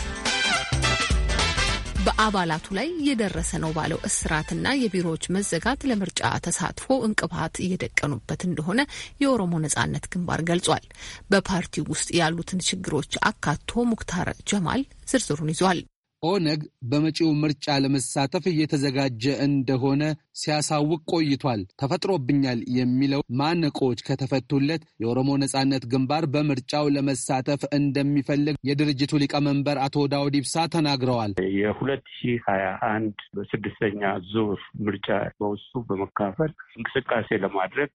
በአባላቱ ላይ እየደረሰ ነው ባለው እስራትና የቢሮዎች መዘጋት ለምርጫ ተሳትፎ እንቅፋት እየደቀኑበት እንደሆነ የኦሮሞ ነጻነት ግንባር ገልጿል። በፓርቲው ውስጥ ያሉትን ችግሮች አካቶ ሙክታር ጀማል ዝርዝሩን ይዟል። ኦነግ በመጪው ምርጫ ለመሳተፍ እየተዘጋጀ እንደሆነ ሲያሳውቅ ቆይቷል። ተፈጥሮብኛል የሚለው ማነቆዎች ከተፈቱለት የኦሮሞ ነጻነት ግንባር በምርጫው ለመሳተፍ እንደሚፈልግ የድርጅቱ ሊቀመንበር አቶ ዳውድ ኢብሳ ተናግረዋል። የሁለት ሺህ ሀያ አንድ በስድስተኛ ዙር ምርጫ በውሱ በመካፈል እንቅስቃሴ ለማድረግ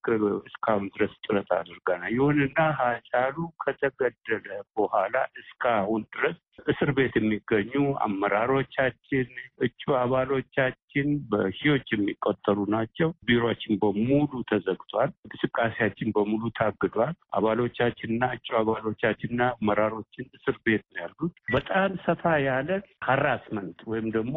እስካሁን ድረስ ጥረት አድርገናል። ይሁንና ሀጫሉ ከተገደለ በኋላ እስካሁን ድረስ እስር ቤት የሚገኙ አመራሮቻችን፣ እጩ አባሎቻችን በሺዎች የሚቆጠሩ ናቸው። ቢሮችን በሙሉ ተዘግቷል። እንቅስቃሴያችን በሙሉ ታግዷል። አባሎቻችንና እጩ አባሎቻችንና አመራሮችን እስር ቤት ነው ያሉት። በጣም ሰፋ ያለ ሀራስመንት ወይም ደግሞ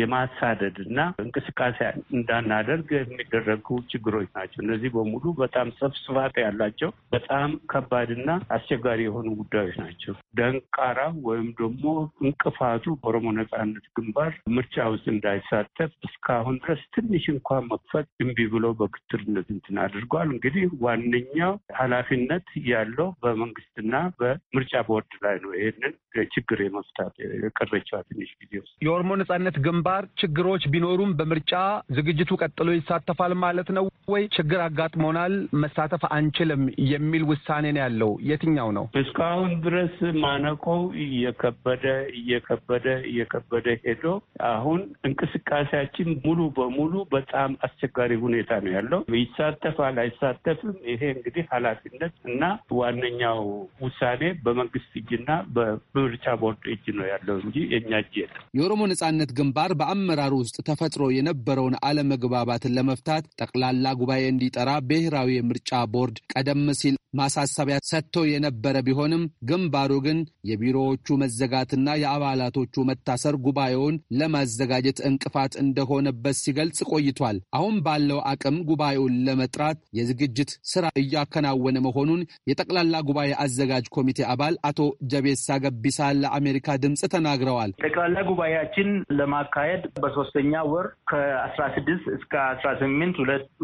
የማሳደድ እና እንቅስቃሴ እንዳናደርግ የሚደረጉ ችግሮች ናቸው። እነዚህ በሙሉ በጣም ሰፍ ያላቸው በጣም ከባድና አስቸጋሪ የሆኑ ጉዳዮች ናቸው። ደንቃራ ወይም ደግሞ እንቅፋቱ በኦሮሞ ነጻነት ግንባር ምርጫ ውስጥ እንዳይሳተፍ እስካሁን ድረስ ትንሽ እንኳን መክፈት እምቢ ብሎ በክትርነት እንትን አድርጓል። እንግዲህ ዋነኛው ኃላፊነት ያለው በመንግስትና በምርጫ ቦርድ ላይ ነው። ይህንን ችግር የመፍታት የቀረችዋ ትንሽ ጊዜ ውስጥ የኦሮሞ ነጻነት ግን ግንባር ችግሮች ቢኖሩም በምርጫ ዝግጅቱ ቀጥሎ ይሳተፋል ማለት ነው ወይ? ችግር አጋጥሞናል መሳተፍ አንችልም የሚል ውሳኔ ነው ያለው የትኛው ነው? እስካሁን ድረስ ማነቆው እየከበደ እየከበደ እየከበደ ሄዶ አሁን እንቅስቃሴያችን ሙሉ በሙሉ በጣም አስቸጋሪ ሁኔታ ነው ያለው። ይሳተፋል አይሳተፍም፣ ይሄ እንግዲህ ኃላፊነት እና ዋነኛው ውሳኔ በመንግስት እጅና በምርጫ ቦርድ እጅ ነው ያለው እንጂ የእኛ እጅ የለም። የኦሮሞ ነጻነት ግንባር በአመራር ውስጥ ተፈጥሮ የነበረውን አለመግባባትን ለመፍታት ጠቅላላ ጉባኤ እንዲጠራ ብሔራዊ የምርጫ ቦርድ ቀደም ሲል ማሳሰቢያ ሰጥቶ የነበረ ቢሆንም ግንባሩ ግን የቢሮዎቹ መዘጋትና የአባላቶቹ መታሰር ጉባኤውን ለማዘጋጀት እንቅፋት እንደሆነበት ሲገልጽ ቆይቷል። አሁን ባለው አቅም ጉባኤውን ለመጥራት የዝግጅት ስራ እያከናወነ መሆኑን የጠቅላላ ጉባኤ አዘጋጅ ኮሚቴ አባል አቶ ጀቤሳ ገቢሳ ለአሜሪካ ድምፅ ተናግረዋል። ጠቅላላ ጉባኤያችን ለማ ለማካሄድ በሶስተኛ ወር ከአስራ ስድስት እስከ አስራ ስምንት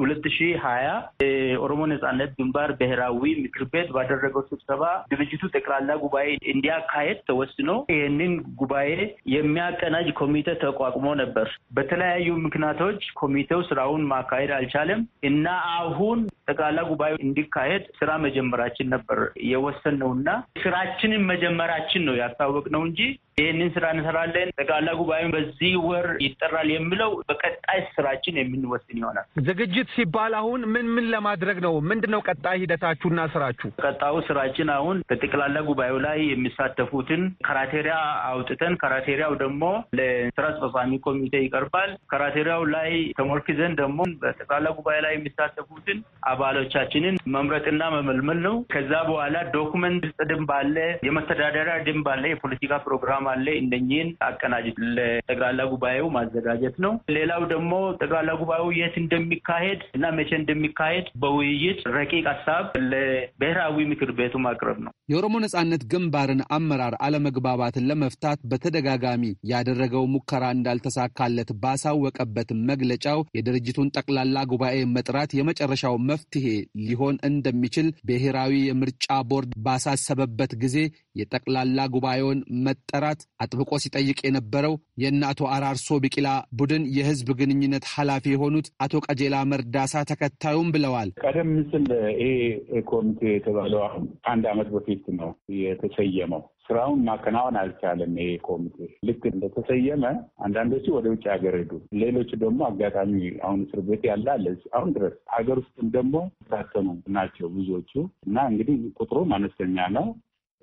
ሁለት ሺ ሀያ የኦሮሞ ነጻነት ግንባር ብሔራዊ ምክር ቤት ባደረገው ስብሰባ ድርጅቱ ጠቅላላ ጉባኤ እንዲያካሄድ ተወስኖ ይህንን ጉባኤ የሚያቀናጅ ኮሚቴ ተቋቁሞ ነበር። በተለያዩ ምክንያቶች ኮሚቴው ስራውን ማካሄድ አልቻለም እና አሁን ጠቅላላ ጉባኤ እንዲካሄድ ስራ መጀመራችን ነበር የወሰን ነው እና ስራችንን መጀመራችን ነው ያስታወቅ ነው እንጂ ይህንን ስራ እንሰራለን፣ ጠቅላላ ጉባኤም በዚህ ወር ይጠራል የሚለው በቀጣይ ስራችን የምንወስን ይሆናል። ዝግጅት ሲባል አሁን ምን ምን ለማድረግ ነው? ምንድን ነው ቀጣይ ሂደታችሁና ስራችሁ? ቀጣዩ ስራችን አሁን በጠቅላላ ጉባኤው ላይ የሚሳተፉትን ከራቴሪያ አውጥተን ከራቴሪያው ደግሞ ለስራ አስፈጻሚ ኮሚቴ ይቀርባል። ከራቴሪያው ላይ ተሞርክዘን ደግሞ በጠቅላላ ጉባኤ ላይ የሚሳተፉትን አባሎቻችንን መምረጥና መመልመል ነው። ከዛ በኋላ ዶኩመንት ድምፅ አለ የመተዳደሪያ ድንብ አለ የፖለቲካ ፕሮግራም አለ። እንደኚህን አቀናጅት ለጠቅላላ ጉባኤው ማዘጋጀት ነው። ሌላው ደግሞ ጠቅላላ ጉባኤው የት እንደሚካሄድ እና መቼ እንደሚካሄድ በውይይት ረቂቅ ሀሳብ ለብሔራዊ ምክር ቤቱ ማቅረብ ነው። የኦሮሞ ነጻነት ግንባርን አመራር አለመግባባትን ለመፍታት በተደጋጋሚ ያደረገው ሙከራ እንዳልተሳካለት ባሳወቀበት መግለጫው የድርጅቱን ጠቅላላ ጉባኤ መጥራት የመጨረሻው መፍትሄ ሊሆን እንደሚችል ብሔራዊ የምርጫ ቦርድ ባሳሰበበት ጊዜ የጠቅላላ ጉባኤውን መጠራት አጥብቆ ሲጠይቅ የነበረው የእነ አቶ አራርሶ ቢቂላ ቡድን የህዝብ ግንኙነት ኃላፊ የሆኑት አቶ ቀጀላ መርዳሳ ተከታዩም ብለዋል። ቀደም ሲል ይሄ ኮሚቴ የተባለው አሁን አንድ ዓመት በፊት ነው የተሰየመው። ስራውን ማከናወን አልቻለም። ይሄ ኮሚቴ ልክ እንደተሰየመ አንዳንዶቹ ወደ ውጭ ሀገር ሄዱ፣ ሌሎቹ ደግሞ አጋጣሚ አሁን እስር ቤት ያለ አለ አሁን ድረስ ሀገር ውስጥም ደግሞ ታተሙ ናቸው ብዙዎቹ እና እንግዲህ ቁጥሩም አነስተኛ ነው።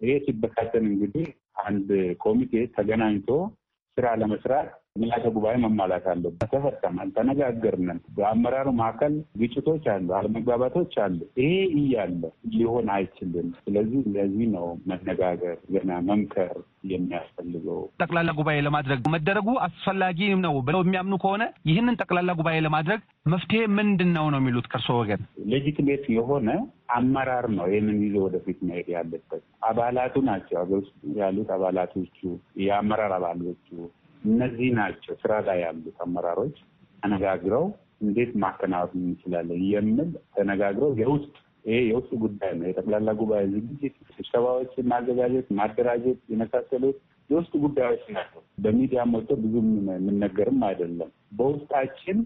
ይሄ ሲበታተን እንግዲህ አንድ ኮሚቴ ተገናኝቶ ስራ ለመስራት ምልዓተ ጉባኤ መሟላት አለበት። ተፈርተናል፣ ተነጋገርነን። በአመራሩ መካከል ግጭቶች አሉ፣ አለመግባባቶች አሉ። ይሄ እያለ ሊሆን አይችልም። ስለዚህ ለዚህ ነው መነጋገር ገና መምከር የሚያስፈልገው። ጠቅላላ ጉባኤ ለማድረግ መደረጉ አስፈላጊ ነው ብለው የሚያምኑ ከሆነ ይህንን ጠቅላላ ጉባኤ ለማድረግ መፍትሄ ምንድን ነው ነው የሚሉት ከእርሶ ወገን? ሌጂትሜት የሆነ አመራር ነው ይህንን ይዞ ወደፊት መሄድ ያለበት። አባላቱ ናቸው ሀገር ውስጥ ያሉት አባላቶቹ የአመራር አባሎቹ እነዚህ ናቸው ስራ ላይ ያሉት አመራሮች ተነጋግረው እንዴት ማከናወን እንችላለን የሚል ተነጋግረው የውስጥ ይሄ የውስጥ ጉዳይ ነው። የጠቅላላ ጉባኤ ዝግጅት፣ ስብሰባዎችን ማዘጋጀት፣ ማደራጀት የመሳሰሉት የውስጥ ጉዳዮች ናቸው። በሚዲያ ሞቶ ብዙ የምንነገርም አይደለም። በውስጣችን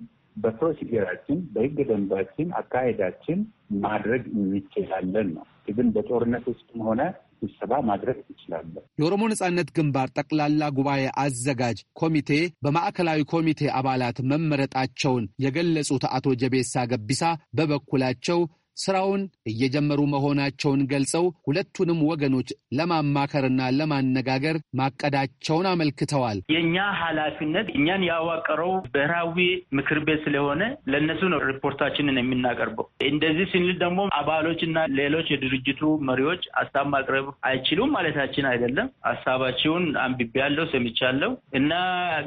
በፕሮሲጀራችን በህገ ደንባችን አካሄዳችን ማድረግ እንችላለን ነው። ግን በጦርነት ውስጥም ሆነ ስብሰባ ማድረግ እንችላለን። የኦሮሞ ነጻነት ግንባር ጠቅላላ ጉባኤ አዘጋጅ ኮሚቴ በማዕከላዊ ኮሚቴ አባላት መመረጣቸውን የገለጹት አቶ ጀቤሳ ገቢሳ በበኩላቸው ስራውን እየጀመሩ መሆናቸውን ገልጸው ሁለቱንም ወገኖች ለማማከርና ለማነጋገር ማቀዳቸውን አመልክተዋል። የእኛ ኃላፊነት እኛን ያዋቀረው ብሔራዊ ምክር ቤት ስለሆነ ለእነሱ ነው ሪፖርታችንን የምናቀርበው። እንደዚህ ስንል ደግሞ አባሎች እና ሌሎች የድርጅቱ መሪዎች ሀሳብ ማቅረብ አይችሉም ማለታችን አይደለም። ሀሳባቸውን አንብቤያለሁ፣ ሰምቻለሁ እና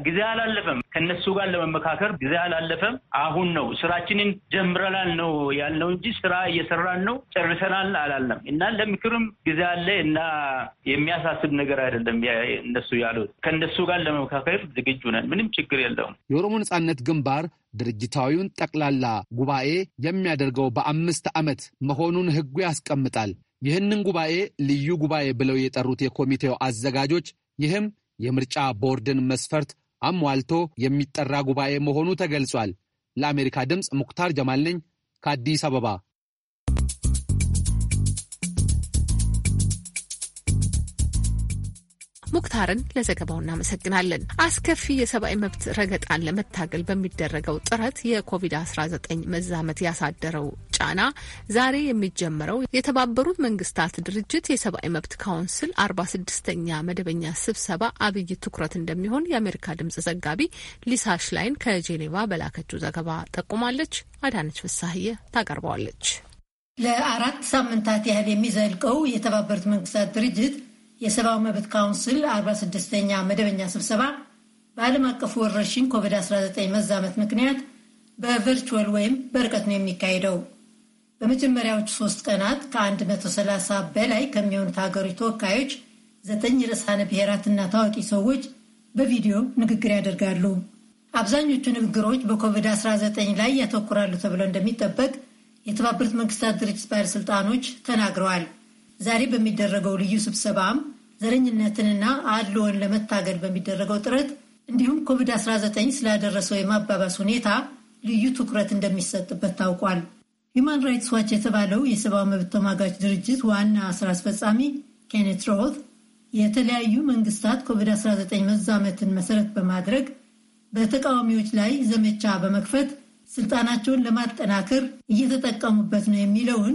ጊዜ አላለፈም። ከነሱ ጋር ለመመካከር ጊዜ አላለፈም። አሁን ነው ስራችንን ጀምረናል ነው ያልነው እንጂ ስራ እየሰራን ነው፣ ጨርሰናል አላለም እና ለምክርም ጊዜ አለ እና የሚያሳስብ ነገር አይደለም። እነሱ ያሉት ከእነሱ ጋር ለመካከል ዝግጁ ነን፣ ምንም ችግር የለውም። የኦሮሞ ነጻነት ግንባር ድርጅታዊውን ጠቅላላ ጉባኤ የሚያደርገው በአምስት ዓመት መሆኑን ሕጉ ያስቀምጣል። ይህንን ጉባኤ ልዩ ጉባኤ ብለው የጠሩት የኮሚቴው አዘጋጆች ይህም የምርጫ ቦርድን መስፈርት አሟልቶ የሚጠራ ጉባኤ መሆኑ ተገልጿል። ለአሜሪካ ድምፅ ሙክታር ጀማል ነኝ ከአዲስ አበባ። ሙክታርን ለዘገባው እናመሰግናለን። አስከፊ የሰብአዊ መብት ረገጣን ለመታገል በሚደረገው ጥረት የኮቪድ-19 መዛመት ያሳደረው ጫና ዛሬ የሚጀመረው የተባበሩት መንግስታት ድርጅት የሰብአዊ መብት ካውንስል አርባ ኛ መደበኛ ስብሰባ አብይ ትኩረት እንደሚሆን የአሜሪካ ድምጽ ዘጋቢ ሊሳ ሽላይን ከጄኔቫ በላከችው ዘገባ ጠቁማለች። አዳነች ፍሳህየ ታቀርበዋለች። ለአራት ሳምንታት ያህል የሚዘልቀው የተባበሩት መንግስታት ድርጅት የሰብአዊ መብት ካውንስል 46ኛ መደበኛ ስብሰባ በዓለም አቀፉ ወረርሽኝ ኮቪድ-19 መዛመት ምክንያት በቨርቹዋል ወይም በርቀት ነው የሚካሄደው። በመጀመሪያዎቹ ሶስት ቀናት ከ130 በላይ ከሚሆኑት ሀገሮች ተወካዮች፣ ዘጠኝ ርዕሳነ ብሔራትና ታዋቂ ሰዎች በቪዲዮ ንግግር ያደርጋሉ። አብዛኞቹ ንግግሮች በኮቪድ-19 ላይ ያተኩራሉ ተብሎ እንደሚጠበቅ የተባበሩት መንግስታት ድርጅት ባለሥልጣኖች ተናግረዋል። ዛሬ በሚደረገው ልዩ ስብሰባም ዘረኝነትንና አድልዎን ለመታገል በሚደረገው ጥረት እንዲሁም ኮቪድ-19 ስላደረሰው የማባባስ ሁኔታ ልዩ ትኩረት እንደሚሰጥበት ታውቋል። ሂዩማን ራይትስ ዋች የተባለው የሰብአዊ መብት ተሟጋች ድርጅት ዋና ስራ አስፈጻሚ ኬኔት ሮት የተለያዩ መንግስታት ኮቪድ-19 መዛመትን መሰረት በማድረግ በተቃዋሚዎች ላይ ዘመቻ በመክፈት ስልጣናቸውን ለማጠናከር እየተጠቀሙበት ነው የሚለውን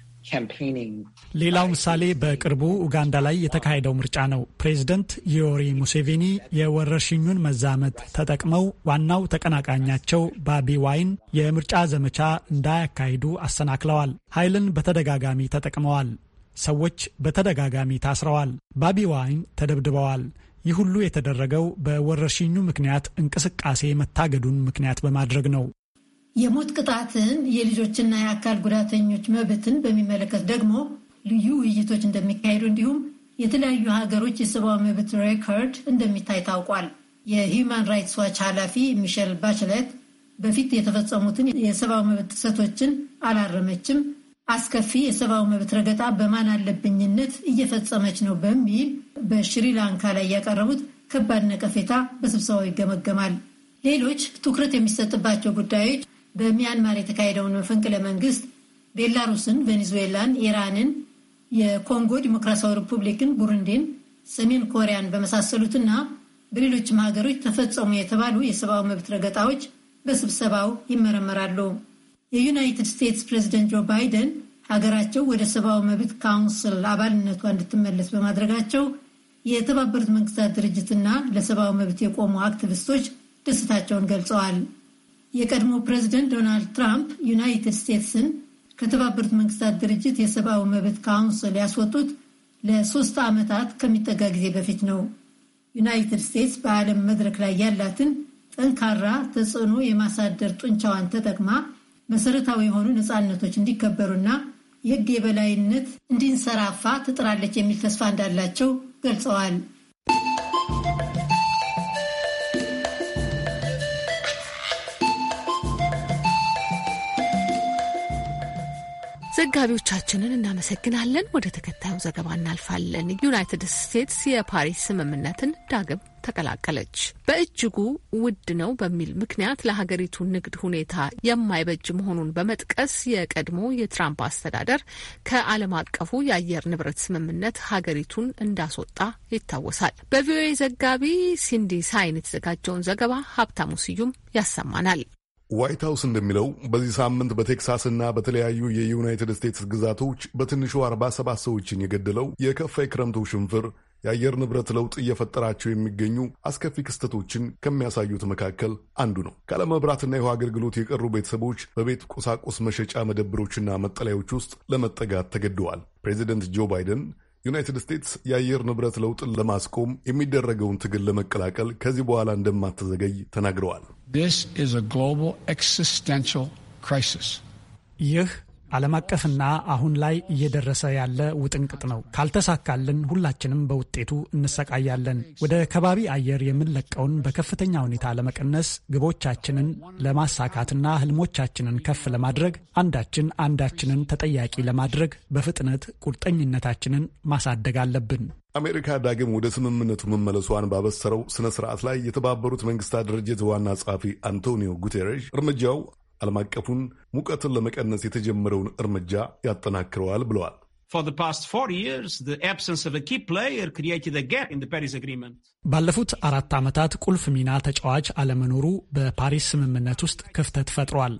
ሌላው ምሳሌ በቅርቡ ኡጋንዳ ላይ የተካሄደው ምርጫ ነው። ፕሬዚደንት ዮሪ ሙሴቬኒ የወረርሽኙን መዛመት ተጠቅመው ዋናው ተቀናቃኛቸው ባቢ ዋይን የምርጫ ዘመቻ እንዳያካሂዱ አሰናክለዋል። ኃይልን በተደጋጋሚ ተጠቅመዋል። ሰዎች በተደጋጋሚ ታስረዋል። ባቢ ዋይን ተደብድበዋል። ይህ ሁሉ የተደረገው በወረርሽኙ ምክንያት እንቅስቃሴ መታገዱን ምክንያት በማድረግ ነው። የሞት ቅጣትን፣ የልጆችና የአካል ጉዳተኞች መብትን በሚመለከት ደግሞ ልዩ ውይይቶች እንደሚካሄዱ እንዲሁም የተለያዩ ሀገሮች የሰብአዊ መብት ሬኮርድ እንደሚታይ ታውቋል። የሂውማን ራይትስ ዋች ኃላፊ ሚሸል ባችለት በፊት የተፈጸሙትን የሰብአዊ መብት ጥሰቶችን አላረመችም፣ አስከፊ የሰብአዊ መብት ረገጣ በማን አለብኝነት እየፈጸመች ነው በሚል በሽሪላንካ ላይ ያቀረቡት ከባድ ነቀፌታ በስብሰባው ይገመገማል። ሌሎች ትኩረት የሚሰጥባቸው ጉዳዮች በሚያንማር የተካሄደውን መፈንቅለ መንግስት፣ ቤላሩስን፣ ቬኔዙዌላን፣ ኢራንን፣ የኮንጎ ዲሞክራሲያዊ ሪፑብሊክን፣ ቡሩንዲን፣ ሰሜን ኮሪያን በመሳሰሉትና በሌሎችም ሀገሮች ተፈጸሙ የተባሉ የሰብአዊ መብት ረገጣዎች በስብሰባው ይመረመራሉ። የዩናይትድ ስቴትስ ፕሬዚደንት ጆ ባይደን ሀገራቸው ወደ ሰብአዊ መብት ካውንስል አባልነቷ እንድትመለስ በማድረጋቸው የተባበሩት መንግስታት ድርጅትና ለሰብአዊ መብት የቆሙ አክቲቪስቶች ደስታቸውን ገልጸዋል። የቀድሞ ፕሬዚደንት ዶናልድ ትራምፕ ዩናይትድ ስቴትስን ከተባበሩት መንግስታት ድርጅት የሰብአዊ መብት ካውንስል ያስወጡት ለሶስት ዓመታት ከሚጠጋ ጊዜ በፊት ነው። ዩናይትድ ስቴትስ በዓለም መድረክ ላይ ያላትን ጠንካራ ተጽዕኖ የማሳደር ጡንቻዋን ተጠቅማ መሰረታዊ የሆኑ ነፃነቶች እንዲከበሩና የሕግ የበላይነት እንዲንሰራፋ ትጥራለች የሚል ተስፋ እንዳላቸው ገልጸዋል። ዘጋቢዎቻችንን እናመሰግናለን። ወደ ተከታዩ ዘገባ እናልፋለን። ዩናይትድ ስቴትስ የፓሪስ ስምምነትን ዳግም ተቀላቀለች። በእጅጉ ውድ ነው በሚል ምክንያት ለሀገሪቱ ንግድ ሁኔታ የማይበጅ መሆኑን በመጥቀስ የቀድሞ የትራምፕ አስተዳደር ከዓለም አቀፉ የአየር ንብረት ስምምነት ሀገሪቱን እንዳስወጣ ይታወሳል። በቪኦኤ ዘጋቢ ሲንዲ ሳይን የተዘጋጀውን ዘገባ ሀብታሙ ስዩም ያሰማናል። ዋይት ሀውስ እንደሚለው በዚህ ሳምንት በቴክሳስና በተለያዩ የዩናይትድ ስቴትስ ግዛቶች በትንሹ 47 ሰዎችን የገደለው የከፋ የክረምቱ ሽንፍር የአየር ንብረት ለውጥ እየፈጠራቸው የሚገኙ አስከፊ ክስተቶችን ከሚያሳዩት መካከል አንዱ ነው። ካለመብራትና የውሃ አገልግሎት የቀሩ ቤተሰቦች በቤት ቁሳቁስ መሸጫ መደብሮችና መጠለያዎች ውስጥ ለመጠጋት ተገደዋል። ፕሬዚደንት ጆ ባይደን ዩናይትድ ስቴትስ የአየር ንብረት ለውጥን ለማስቆም የሚደረገውን ትግል ለመቀላቀል ከዚህ በኋላ እንደማትዘገይ ተናግረዋል። ይህ ዓለም አቀፍና አሁን ላይ እየደረሰ ያለ ውጥንቅጥ ነው። ካልተሳካልን ሁላችንም በውጤቱ እንሰቃያለን። ወደ ከባቢ አየር የምንለቀውን በከፍተኛ ሁኔታ ለመቀነስ ግቦቻችንን ለማሳካትና ህልሞቻችንን ከፍ ለማድረግ አንዳችን አንዳችንን ተጠያቂ ለማድረግ በፍጥነት ቁርጠኝነታችንን ማሳደግ አለብን። አሜሪካ ዳግም ወደ ስምምነቱ መመለሷን ባበሰረው ስነ ስርዓት ላይ የተባበሩት መንግስታት ድርጅት ዋና ጸሐፊ አንቶኒዮ ጉቴሬሽ እርምጃው ዓለም አቀፉን ሙቀትን ለመቀነስ የተጀመረውን እርምጃ ያጠናክረዋል ብለዋል። ባለፉት አራት ዓመታት ቁልፍ ሚና ተጫዋች አለመኖሩ በፓሪስ ስምምነት ውስጥ ክፍተት ፈጥሯል።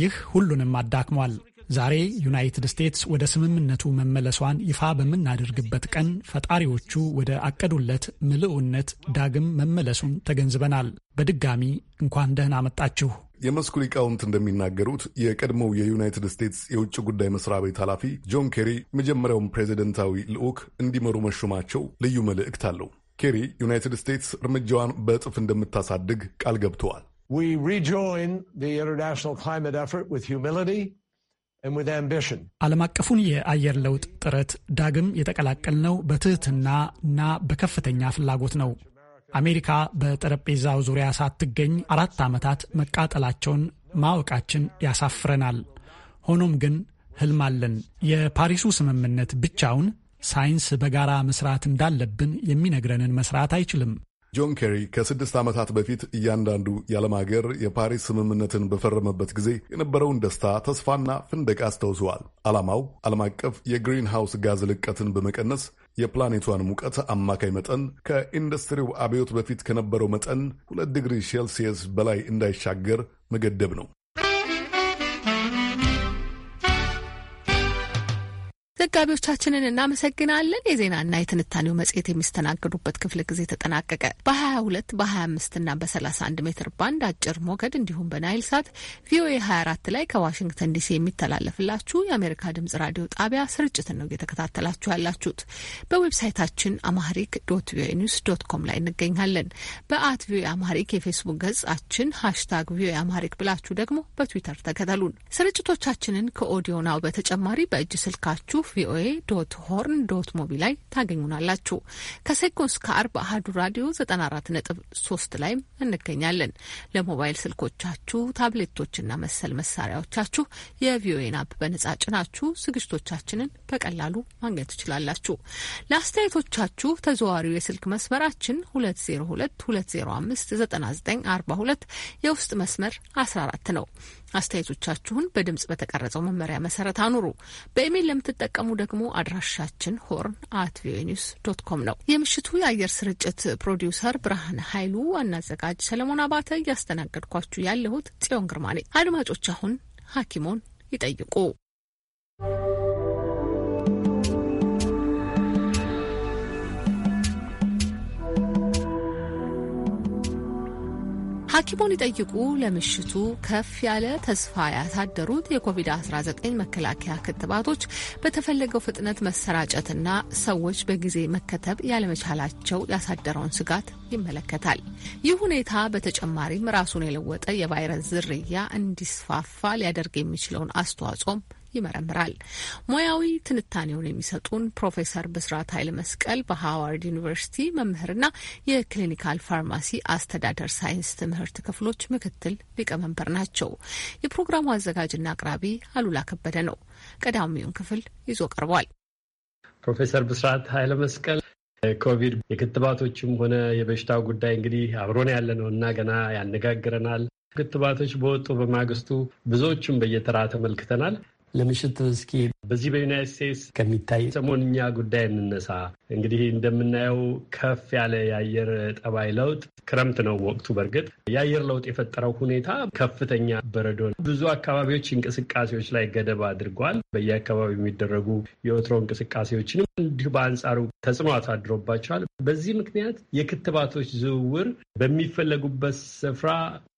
ይህ ሁሉንም አዳክሟል። ዛሬ ዩናይትድ ስቴትስ ወደ ስምምነቱ መመለሷን ይፋ በምናደርግበት ቀን ፈጣሪዎቹ ወደ አቀዱለት ምልዑነት ዳግም መመለሱን ተገንዝበናል። በድጋሚ እንኳን ደህና መጣችሁ። የመስኩ ሊቃውንት እንደሚናገሩት የቀድሞው የዩናይትድ ስቴትስ የውጭ ጉዳይ መስሪያ ቤት ኃላፊ ጆን ኬሪ መጀመሪያውን ፕሬዚደንታዊ ልዑክ እንዲመሩ መሾማቸው ልዩ መልእክት አለው። ኬሪ ዩናይትድ ስቴትስ እርምጃዋን በእጥፍ እንደምታሳድግ ቃል ገብተዋል። ዓለም አቀፉን የአየር ለውጥ ጥረት ዳግም የተቀላቀልነው በትህትናና በከፍተኛ ፍላጎት ነው። አሜሪካ በጠረጴዛው ዙሪያ ሳትገኝ አራት ዓመታት መቃጠላቸውን ማወቃችን ያሳፍረናል። ሆኖም ግን ህልም አለን። የፓሪሱ ስምምነት ብቻውን ሳይንስ በጋራ መስራት እንዳለብን የሚነግረንን መስራት አይችልም። ጆን ኬሪ ከስድስት ዓመታት በፊት እያንዳንዱ የዓለም ሀገር የፓሪስ ስምምነትን በፈረመበት ጊዜ የነበረውን ደስታ፣ ተስፋና ፍንደቅ አስታውሰዋል። ዓላማው ዓለም አቀፍ የግሪንሃውስ ጋዝ ልቀትን በመቀነስ የፕላኔቷን ሙቀት አማካይ መጠን ከኢንዱስትሪው አብዮት በፊት ከነበረው መጠን ሁለት ዲግሪ ሴልሲየስ በላይ እንዳይሻገር መገደብ ነው። ዘጋቢዎቻችንን እናመሰግናለን። የዜናና የትንታኔው መጽሔት የሚስተናገዱበት ክፍለ ጊዜ ተጠናቀቀ። በ22 25 እና በ31 ሜትር ባንድ አጭር ሞገድ እንዲሁም በናይል ሳት ቪኦኤ 24 ላይ ከዋሽንግተን ዲሲ የሚተላለፍላችሁ የአሜሪካ ድምጽ ራዲዮ ጣቢያ ስርጭትን ነው እየተከታተላችሁ ያላችሁት። በዌብሳይታችን አማሪክ ዶት ቪኦኤ ኒውስ ዶት ኮም ላይ እንገኛለን። በአት ቪኦኤ አማሪክ የፌስቡክ ገጻችን ሃሽታግ ቪኦኤ አማሪክ ብላችሁ ደግሞ በትዊተር ተከተሉን። ስርጭቶቻችንን ከኦዲዮ ናው በተጨማሪ በእጅ ስልካችሁ ቪኦኤ ዶት ሆርን ዶት ሞቢ ላይ ታገኙናላችሁ። ከሴኮ እስከ አርብ አህዱ ራዲዮ 94.3 ላይ እንገኛለን። ለሞባይል ስልኮቻችሁ ታብሌቶችና መሰል መሳሪያዎቻችሁ የቪኦኤን አፕ በነጻ ጭናችሁ ዝግጅቶቻችንን በቀላሉ ማግኘት ትችላላችሁ። ለአስተያየቶቻችሁ ተዘዋሪው የስልክ መስመራችን 2022059942 የውስጥ መስመር 14 ነው። አስተያየቶቻችሁን በድምጽ በተቀረጸው መመሪያ መሰረት አኑሩ። በኢሜይል ለምትጠቀሙ ደግሞ አድራሻችን ሆርን አት ቪኦኤ ኒውስ ዶት ኮም ነው። የምሽቱ የአየር ስርጭት ፕሮዲውሰር ብርሃን ኃይሉ፣ ዋና አዘጋጅ ሰለሞን አባተ፣ እያስተናገድኳችሁ ያለሁት ጽዮን ግርማ ነኝ። አድማጮች አሁን ሐኪሞን ይጠይቁ ሐኪሙን ይጠይቁ ለምሽቱ ከፍ ያለ ተስፋ ያሳደሩት የኮቪድ-19 መከላከያ ክትባቶች በተፈለገው ፍጥነት መሰራጨትና ሰዎች በጊዜ መከተብ ያለመቻላቸው ያሳደረውን ስጋት ይመለከታል። ይህ ሁኔታ በተጨማሪም ራሱን የለወጠ የቫይረስ ዝርያ እንዲስፋፋ ሊያደርግ የሚችለውን አስተዋጽኦም ይመረምራል። ሙያዊ ትንታኔውን የሚሰጡን ፕሮፌሰር ብስራት ኃይለ መስቀል በሃዋርድ ዩኒቨርሲቲ መምህርና የክሊኒካል ፋርማሲ አስተዳደር ሳይንስ ትምህርት ክፍሎች ምክትል ሊቀመንበር ናቸው። የፕሮግራሙ አዘጋጅና አቅራቢ አሉላ ከበደ ነው። ቀዳሚውን ክፍል ይዞ ቀርቧል። ፕሮፌሰር ብስራት ኃይለ መስቀል ኮቪድ የክትባቶችም ሆነ የበሽታው ጉዳይ እንግዲህ አብሮን ያለ ነው እና ገና ያነጋግረናል። ክትባቶች በወጡ በማግስቱ ብዙዎቹም በየተራ ተመልክተናል። ለምሽት እስኪ በዚህ በዩናይት ስቴትስ ከሚታይ ሰሞንኛ ጉዳይ እንነሳ። እንግዲህ እንደምናየው ከፍ ያለ የአየር ጠባይ ለውጥ፣ ክረምት ነው ወቅቱ። በእርግጥ የአየር ለውጥ የፈጠረው ሁኔታ ከፍተኛ በረዶ ብዙ አካባቢዎች እንቅስቃሴዎች ላይ ገደብ አድርጓል። በየአካባቢው የሚደረጉ የወትሮ እንቅስቃሴዎችንም እንዲሁ በአንጻሩ ተጽዕኖ አሳድሮባቸዋል። በዚህ ምክንያት የክትባቶች ዝውውር በሚፈለጉበት ስፍራ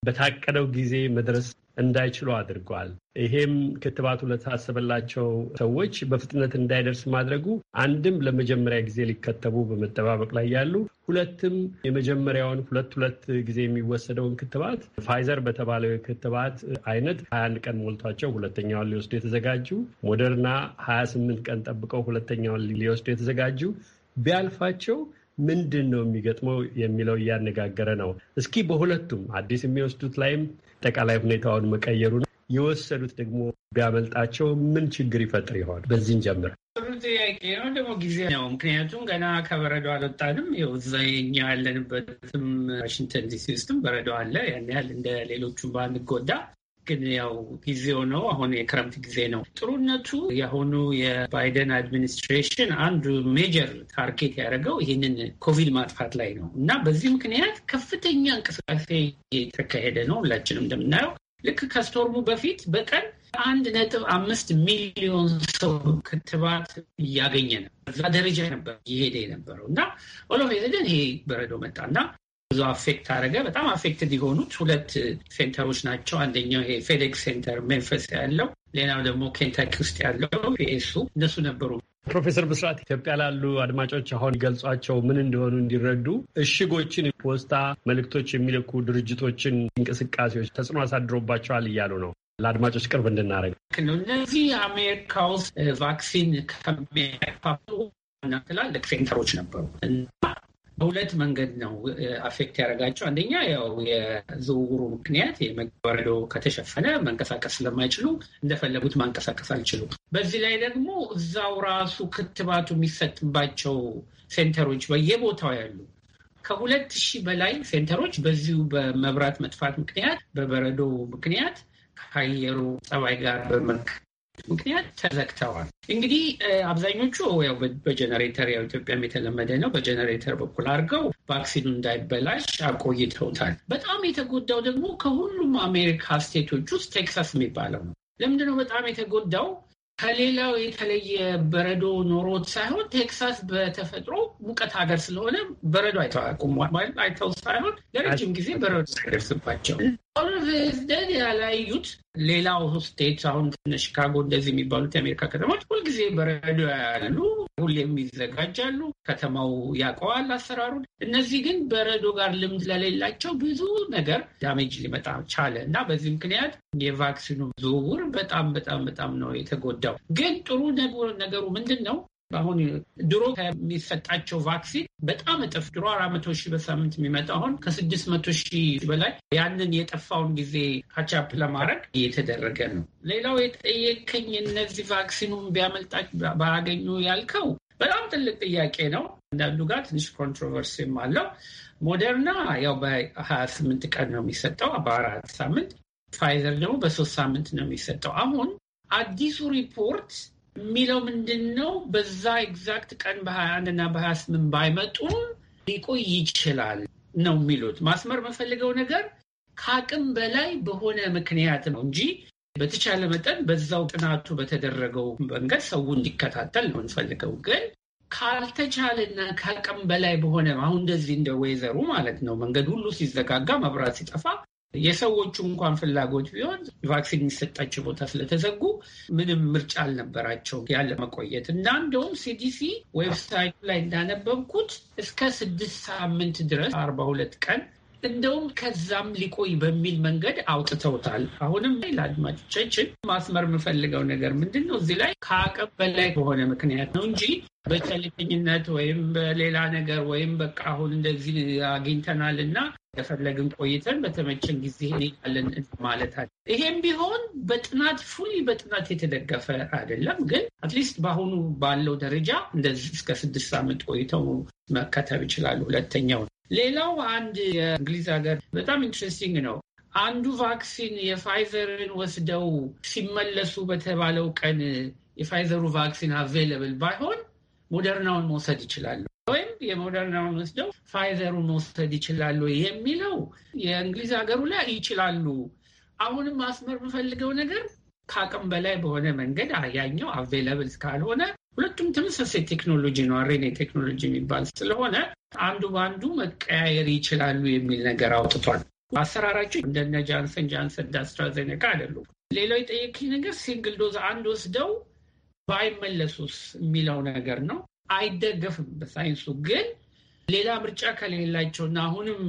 በታቀደው ጊዜ መድረስ እንዳይችሉ አድርጓል። ይሄም ክትባቱ ለታሰበላቸው ሰዎች በፍጥነት እንዳይደርስ ማድረጉ አንድም ለመጀመሪያ ጊዜ ሊከተቡ በመጠባበቅ ላይ ያሉ፣ ሁለትም የመጀመሪያውን ሁለት ሁለት ጊዜ የሚወሰደውን ክትባት ፋይዘር በተባለው የክትባት አይነት 21 ቀን ሞልቷቸው ሁለተኛውን ሊወስዱ የተዘጋጁ፣ ሞደርና 28 ቀን ጠብቀው ሁለተኛውን ሊወስዱ የተዘጋጁ ቢያልፋቸው ምንድን ነው የሚገጥመው የሚለው እያነጋገረ ነው። እስኪ በሁለቱም አዲስ የሚወስዱት ላይም አጠቃላይ ሁኔታውን መቀየሩን የወሰዱት ደግሞ ቢያመልጣቸው ምን ችግር ይፈጥር ይሆን? በዚህን ጀምር። ጥሩ ጥያቄ ነው። ደግሞ ጊዜ ነው። ምክንያቱም ገና ከበረዶ አልወጣንም። ይኸው እዛ የኛ ያለንበትም ዋሽንግተን ዲሲ ውስጥም በረዶ አለ። ያን ያህል እንደ ሌሎቹ ባንጎዳ ግን ያው ጊዜው ነው። አሁን የክረምት ጊዜ ነው። ጥሩነቱ የአሁኑ የባይደን አድሚኒስትሬሽን አንዱ ሜጀር ታርጌት ያደረገው ይህንን ኮቪድ ማጥፋት ላይ ነው እና በዚህ ምክንያት ከፍተኛ እንቅስቃሴ የተካሄደ ነው። ሁላችንም እንደምናየው ልክ ከስቶርሙ በፊት በቀን አንድ ነጥብ አምስት ሚሊዮን ሰው ክትባት እያገኘ ነው። በዛ ደረጃ ነበር ይሄደ የነበረው እና ኦሎፌዘደን ይሄ በረዶ መጣ እና ብዙ አፌክት አደረገ። በጣም አፌክትድ የሆኑት ሁለት ሴንተሮች ናቸው። አንደኛው ይሄ ፌዴክስ ሴንተር ሜንፈስ ያለው፣ ሌላው ደግሞ ኬንታኪ ውስጥ ያለው ፒኤሱ። እነሱ ነበሩ። ፕሮፌሰር ብስራት ኢትዮጵያ ላሉ አድማጮች አሁን ገልጿቸው ምን እንደሆኑ እንዲረዱ እሽጎችን ፖስታ መልእክቶች የሚልኩ ድርጅቶችን እንቅስቃሴዎች ተጽዕኖ አሳድሮባቸዋል እያሉ ነው። ለአድማጮች ቅርብ እንድናደረግ እነዚህ አሜሪካ ውስጥ ቫክሲን ከሚያፋፍሩ ትላልቅ ሴንተሮች ነበሩ እና በሁለት መንገድ ነው አፌክት ያደረጋቸው። አንደኛ ያው የዝውውሩ ምክንያት የመጓረዶ ከተሸፈነ መንቀሳቀስ ስለማይችሉ እንደፈለጉት ማንቀሳቀስ አልችሉ። በዚህ ላይ ደግሞ እዛው ራሱ ክትባቱ የሚሰጥባቸው ሴንተሮች በየቦታው ያሉ ከሁለት ሺህ በላይ ሴንተሮች በዚሁ በመብራት መጥፋት ምክንያት በበረዶ ምክንያት ከአየሩ ጸባይ ጋር በመክ ምክንያት ተዘግተዋል። እንግዲህ አብዛኞቹ ያው በጀነሬተር ያው ኢትዮጵያም የተለመደ ነው። በጀነሬተር በኩል አድርገው ቫክሲኑ እንዳይበላሽ አቆይተውታል። በጣም የተጎዳው ደግሞ ከሁሉም አሜሪካ ስቴቶች ውስጥ ቴክሳስ የሚባለው ነው። ለምንድነው በጣም የተጎዳው? ከሌላው የተለየ በረዶ ኖሮት ሳይሆን ቴክሳስ በተፈጥሮ ሙቀት ሀገር ስለሆነ በረዶ አይተው አይተው ሳይሆን ለረጅም ጊዜ በረዶ ሳይደርስባቸው ኦልቬዝደን ያላዩት ሌላው ስቴት አሁን ሽካጎ እንደዚህ የሚባሉት የአሜሪካ ከተማዎች ሁልጊዜ በረዶ ያሉ ሁሌም ይዘጋጃሉ። ከተማው ያውቀዋል አሰራሩን። እነዚህ ግን በረዶ ጋር ልምድ ለሌላቸው ብዙ ነገር ዳሜጅ ሊመጣ ቻለ እና በዚህ ምክንያት የቫክሲኑ ዝውውር በጣም በጣም በጣም ነው የተጎዳው። ግን ጥሩ ነገሩ ምንድን ነው? አሁን ድሮ ከሚሰጣቸው ቫክሲን በጣም እጥፍ ድሮ አራት መቶ ሺህ በሳምንት የሚመጣ አሁን ከስድስት መቶ ሺህ በላይ ያንን የጠፋውን ጊዜ ካቻፕ ለማድረግ እየተደረገ ነው። ሌላው የጠየቀኝ እነዚህ ቫክሲኑን ቢያመልጣች ባያገኙ ያልከው በጣም ትልቅ ጥያቄ ነው። አንዳንዱ ጋር ትንሽ ኮንትሮቨርሲም አለው። ሞደርና ያው በሀያ ስምንት ቀን ነው የሚሰጠው በአራት ሳምንት ፋይዘር ደግሞ በሶስት ሳምንት ነው የሚሰጠው። አሁን አዲሱ ሪፖርት የሚለው ምንድን ነው? በዛ ኤግዛክት ቀን በሀያ አንድ እና በሀያ ስምንት ባይመጡም ሊቆይ ይችላል ነው የሚሉት። ማስመር መፈልገው ነገር ከአቅም በላይ በሆነ ምክንያት ነው እንጂ በተቻለ መጠን በዛው ጥናቱ በተደረገው መንገድ ሰው እንዲከታተል ነው እንፈልገው። ግን ካልተቻለና ከአቅም በላይ በሆነ አሁን እንደዚህ እንደ ወይዘሩ ማለት ነው መንገድ ሁሉ ሲዘጋጋ መብራት ሲጠፋ የሰዎቹ እንኳን ፍላጎት ቢሆን ቫክሲን የሚሰጣቸው ቦታ ስለተዘጉ ምንም ምርጫ አልነበራቸው ያለ መቆየት እና እንደውም ሲዲሲ ዌብሳይቱ ላይ እንዳነበብኩት እስከ ስድስት ሳምንት ድረስ አርባ ሁለት ቀን እንደውም ከዛም ሊቆይ በሚል መንገድ አውጥተውታል። አሁንም ለአድማጮቻችን ማስመር የምፈልገው ነገር ምንድን ነው እዚህ ላይ ከአቅም በላይ በሆነ ምክንያት ነው እንጂ በቸልተኝነት ወይም በሌላ ነገር ወይም በቃ አሁን እንደዚህ አግኝተናል እና የፈለግን ቆይተን በተመቸን ጊዜ እንሄዳለን ማለታቸው። ይሄም ቢሆን በጥናት ፉሊ በጥናት የተደገፈ አይደለም፣ ግን አትሊስት በአሁኑ ባለው ደረጃ እንደዚህ እስከ ስድስት ዓመት ቆይተው መከተብ ይችላሉ። ሁለተኛው ሌላው አንድ የእንግሊዝ ሀገር በጣም ኢንትረስቲንግ ነው። አንዱ ቫክሲን የፋይዘርን ወስደው ሲመለሱ በተባለው ቀን የፋይዘሩ ቫክሲን አቬለብል ባይሆን ሞደርናውን መውሰድ ይችላሉ ወይም የሞደርናውን ወስደው ፋይዘሩን መውሰድ ይችላሉ የሚለው የእንግሊዝ ሀገሩ ላይ ይችላሉ። አሁንም ማስመር የምፈልገው ነገር ከአቅም በላይ በሆነ መንገድ ያኛው አቬለብል ካልሆነ ሁለቱም ተመሳሳይ ቴክኖሎጂ ነው። አሬኔ ቴክኖሎጂ የሚባል ስለሆነ አንዱ በአንዱ መቀያየር ይችላሉ የሚል ነገር አውጥቷል። አሰራራቸው እንደነ ጃንሰን ጃንሰን አስትራዜኔካ አይደሉም። ሌላው የጠየቅኝ ነገር ሲንግል ዶዝ አንድ ወስደው ባይመለሱስ የሚለው ነገር ነው። አይደገፍም በሳይንሱ ግን ሌላ ምርጫ ከሌላቸው እና አሁንም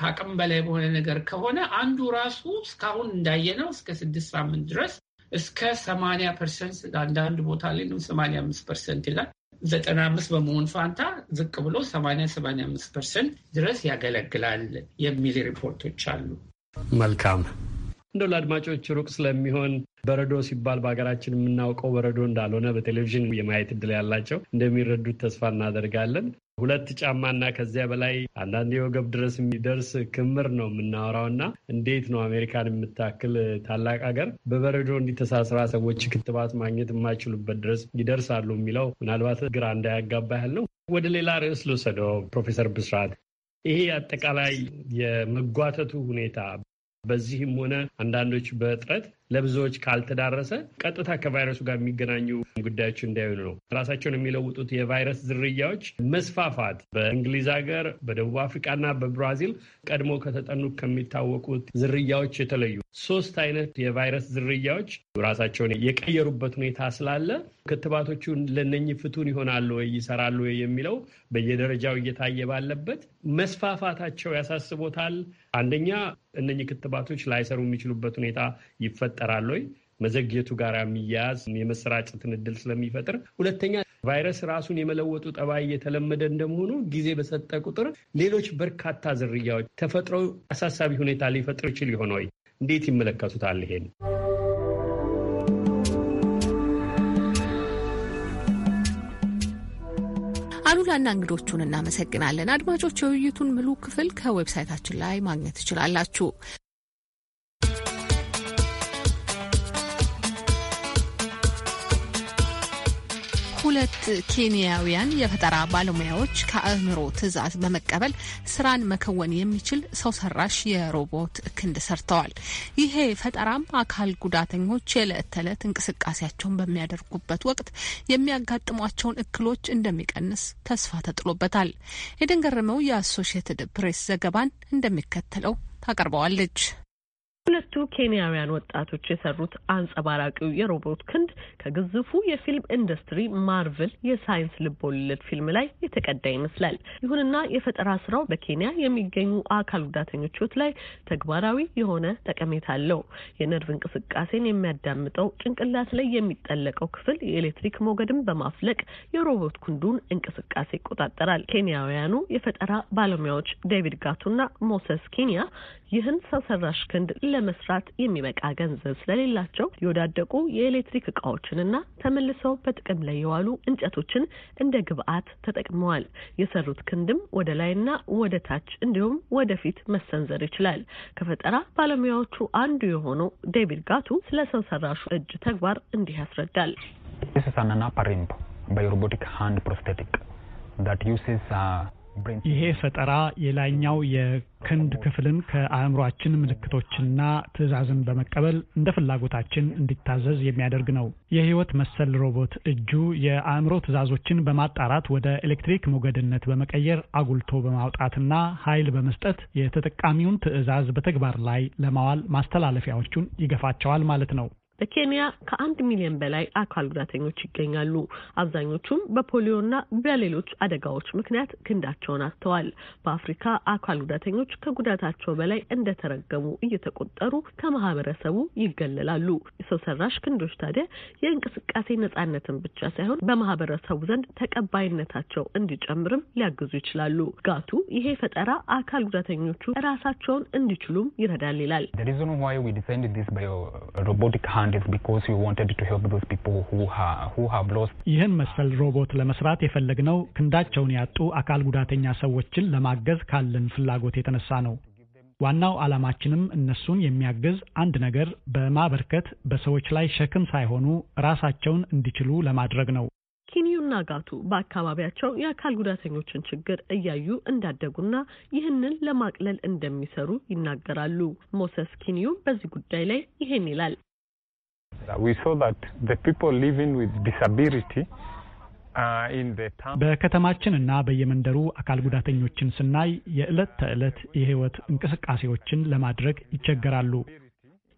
ከአቅም በላይ በሆነ ነገር ከሆነ አንዱ ራሱ እስካሁን እንዳየነው እስከ ስድስት ሳምንት ድረስ እስከ ሰማንያ ፐርሰንት አንዳንድ ቦታ ላይ ነው ሰማንያ አምስት ፐርሰንት ይላል። ዘጠና አምስት በመሆን ፋንታ ዝቅ ብሎ ሰማንያ ሰማንያ አምስት ፐርሰንት ድረስ ያገለግላል የሚል ሪፖርቶች አሉ። መልካም እንደው ለአድማጮች ሩቅ ስለሚሆን በረዶ ሲባል በሀገራችን የምናውቀው በረዶ እንዳልሆነ በቴሌቪዥን የማየት እድል ያላቸው እንደሚረዱት ተስፋ እናደርጋለን። ሁለት ጫማና ከዚያ በላይ አንዳንድ የወገብ ድረስ የሚደርስ ክምር ነው የምናወራው እና እንዴት ነው አሜሪካን የምታክል ታላቅ ሀገር በበረዶ እንዲተሳስራ ሰዎች ክትባት ማግኘት የማይችሉበት ድረስ ይደርሳሉ የሚለው ምናልባት ግራ እንዳያጋባ ያህል ነው። ወደ ሌላ ርዕስ ልውሰደው ፕሮፌሰር ብስራት ይሄ አጠቃላይ የመጓተቱ ሁኔታ በዚህም ሆነ አንዳንዶች በጥረት ለብዙዎች ካልተዳረሰ ቀጥታ ከቫይረሱ ጋር የሚገናኙ ጉዳዮች እንዳይሆኑ ነው። ራሳቸውን የሚለውጡት የቫይረስ ዝርያዎች መስፋፋት በእንግሊዝ ሀገር፣ በደቡብ አፍሪካና በብራዚል ቀድሞ ከተጠኑ ከሚታወቁት ዝርያዎች የተለዩ ሶስት አይነት የቫይረስ ዝርያዎች ራሳቸውን የቀየሩበት ሁኔታ ስላለ ክትባቶቹ ለነኚህ ፍቱን ይሆናሉ ወይ ይሰራሉ ወይ የሚለው በየደረጃው እየታየ ባለበት መስፋፋታቸው ያሳስቦታል። አንደኛ እነኚህ ክትባቶች ላይሰሩ የሚችሉበት ሁኔታ ይፈ ይፈጠራል ወይ? መዘግየቱ ጋር የሚያያዝ የመሰራጨትን እድል ስለሚፈጥር፣ ሁለተኛ ቫይረስ ራሱን የመለወጡ ጠባይ እየተለመደ እንደመሆኑ ጊዜ በሰጠ ቁጥር ሌሎች በርካታ ዝርያዎች ተፈጥሮ አሳሳቢ ሁኔታ ሊፈጥር ይችል ይሆን ወይ? እንዴት ይመለከቱታል ይሄን? አሉላና እንግዶቹን እናመሰግናለን። አድማጮች የውይይቱን ሙሉ ክፍል ከዌብሳይታችን ላይ ማግኘት ትችላላችሁ። ሁለት ኬንያውያን የፈጠራ ባለሙያዎች ከአእምሮ ትዕዛዝ በመቀበል ስራን መከወን የሚችል ሰው ሰራሽ የሮቦት ክንድ ሰርተዋል። ይሄ ፈጠራም አካል ጉዳተኞች የዕለት ተዕለት እንቅስቃሴያቸውን በሚያደርጉበት ወቅት የሚያጋጥሟቸውን እክሎች እንደሚቀንስ ተስፋ ተጥሎበታል። የደንገረመው የአሶሽየትድ ፕሬስ ዘገባን እንደሚከተለው ታቀርበዋለች። ሁለቱ ኬንያውያን ወጣቶች የሰሩት አንጸባራቂው የሮቦት ክንድ ከግዙፉ የፊልም ኢንዱስትሪ ማርቭል የሳይንስ ልቦለድ ፊልም ላይ የተቀዳ ይመስላል። ይሁንና የፈጠራ ስራው በኬንያ የሚገኙ አካል ጉዳተኞች ሕይወት ላይ ተግባራዊ የሆነ ጠቀሜታ አለው። የነርቭ እንቅስቃሴን የሚያዳምጠው ጭንቅላት ላይ የሚጠለቀው ክፍል የኤሌክትሪክ ሞገድን በማፍለቅ የሮቦት ክንዱን እንቅስቃሴ ይቆጣጠራል። ኬንያውያኑ የፈጠራ ባለሙያዎች ዴቪድ ጋቱና ሞሰስ ኬንያ ይህን ሰው ሰራሽ ክንድ ለመስራት የሚበቃ ገንዘብ ስለሌላቸው የወዳደቁ የኤሌክትሪክ እቃዎችንና ተመልሰው በጥቅም ላይ የዋሉ እንጨቶችን እንደ ግብአት ተጠቅመዋል። የሰሩት ክንድም ወደ ላይና ወደ ታች እንዲሁም ወደፊት መሰንዘር ይችላል። ከፈጠራ ባለሙያዎቹ አንዱ የሆነው ዴቪድ ጋቱ ስለ ሰው ሰራሹ እጅ ተግባር እንዲህ ያስረዳል። ሳናና ፓሪምፕ ባዮሮቦቲክ ሃንድ ፕሮስቴቲክ ዩሴስ ይሄ ፈጠራ የላይኛው የክንድ ክፍልን ከአእምሯችን ምልክቶችና ትዕዛዝን በመቀበል እንደ ፍላጎታችን እንዲታዘዝ የሚያደርግ ነው። የህይወት መሰል ሮቦት እጁ የአእምሮ ትዕዛዞችን በማጣራት ወደ ኤሌክትሪክ ሞገድነት በመቀየር አጉልቶ በማውጣትና ኃይል በመስጠት የተጠቃሚውን ትዕዛዝ በተግባር ላይ ለማዋል ማስተላለፊያዎቹን ይገፋቸዋል ማለት ነው። በኬንያ ከአንድ ሚሊዮን በላይ አካል ጉዳተኞች ይገኛሉ። አብዛኞቹም በፖሊዮና በሌሎች አደጋዎች ምክንያት ክንዳቸውን አጥተዋል። በአፍሪካ አካል ጉዳተኞች ከጉዳታቸው በላይ እንደተረገሙ እየተቆጠሩ ከማህበረሰቡ ይገለላሉ። የሰው ሰራሽ ክንዶች ታዲያ የእንቅስቃሴ ነጻነትን ብቻ ሳይሆን በማህበረሰቡ ዘንድ ተቀባይነታቸው እንዲጨምርም ሊያግዙ ይችላሉ። ጋቱ ይሄ ፈጠራ አካል ጉዳተኞቹ ራሳቸውን እንዲችሉም ይረዳል ይላል። ይህን መሰል ሮቦት ለመስራት የፈለግነው ክንዳቸውን ያጡ አካል ጉዳተኛ ሰዎችን ለማገዝ ካለን ፍላጎት የተነሳ ነው። ዋናው ዓላማችንም እነሱን የሚያግዝ አንድ ነገር በማበርከት በሰዎች ላይ ሸክም ሳይሆኑ ራሳቸውን እንዲችሉ ለማድረግ ነው። ኪኒዩና ጋቱ በአካባቢያቸው የአካል ጉዳተኞችን ችግር እያዩ እንዳደጉና ይህንን ለማቅለል እንደሚሰሩ ይናገራሉ። ሞሰስ ኪኒዩ በዚህ ጉዳይ ላይ ይሄን ይላል። Uh, uh, በከተማችንና በየመንደሩ አካል ጉዳተኞችን ስናይ የዕለት ተዕለት የህይወት እንቅስቃሴዎችን ለማድረግ ይቸገራሉ።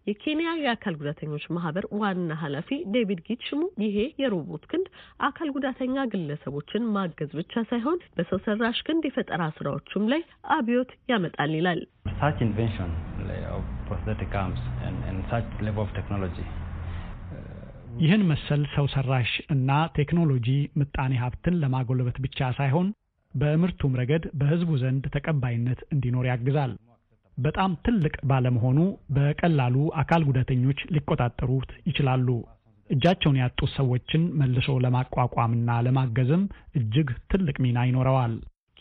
የኬንያ የአካል ጉዳተኞች ማህበር ዋና ኃላፊ ዴቪድ ጊችሙ ይሄ የሮቦት ክንድ አካል ጉዳተኛ ግለሰቦችን ማገዝ ብቻ ሳይሆን በሰው ሰራሽ ክንድ የፈጠራ ስራዎችም ላይ አብዮት ያመጣል ይላል። ይህን መሰል ሰው ሰራሽ እና ቴክኖሎጂ ምጣኔ ሀብትን ለማጎልበት ብቻ ሳይሆን በምርቱም ረገድ በህዝቡ ዘንድ ተቀባይነት እንዲኖር ያግዛል። በጣም ትልቅ ባለመሆኑ በቀላሉ አካል ጉዳተኞች ሊቆጣጠሩት ይችላሉ። እጃቸውን ያጡት ሰዎችን መልሶ ለማቋቋምና ለማገዝም እጅግ ትልቅ ሚና ይኖረዋል።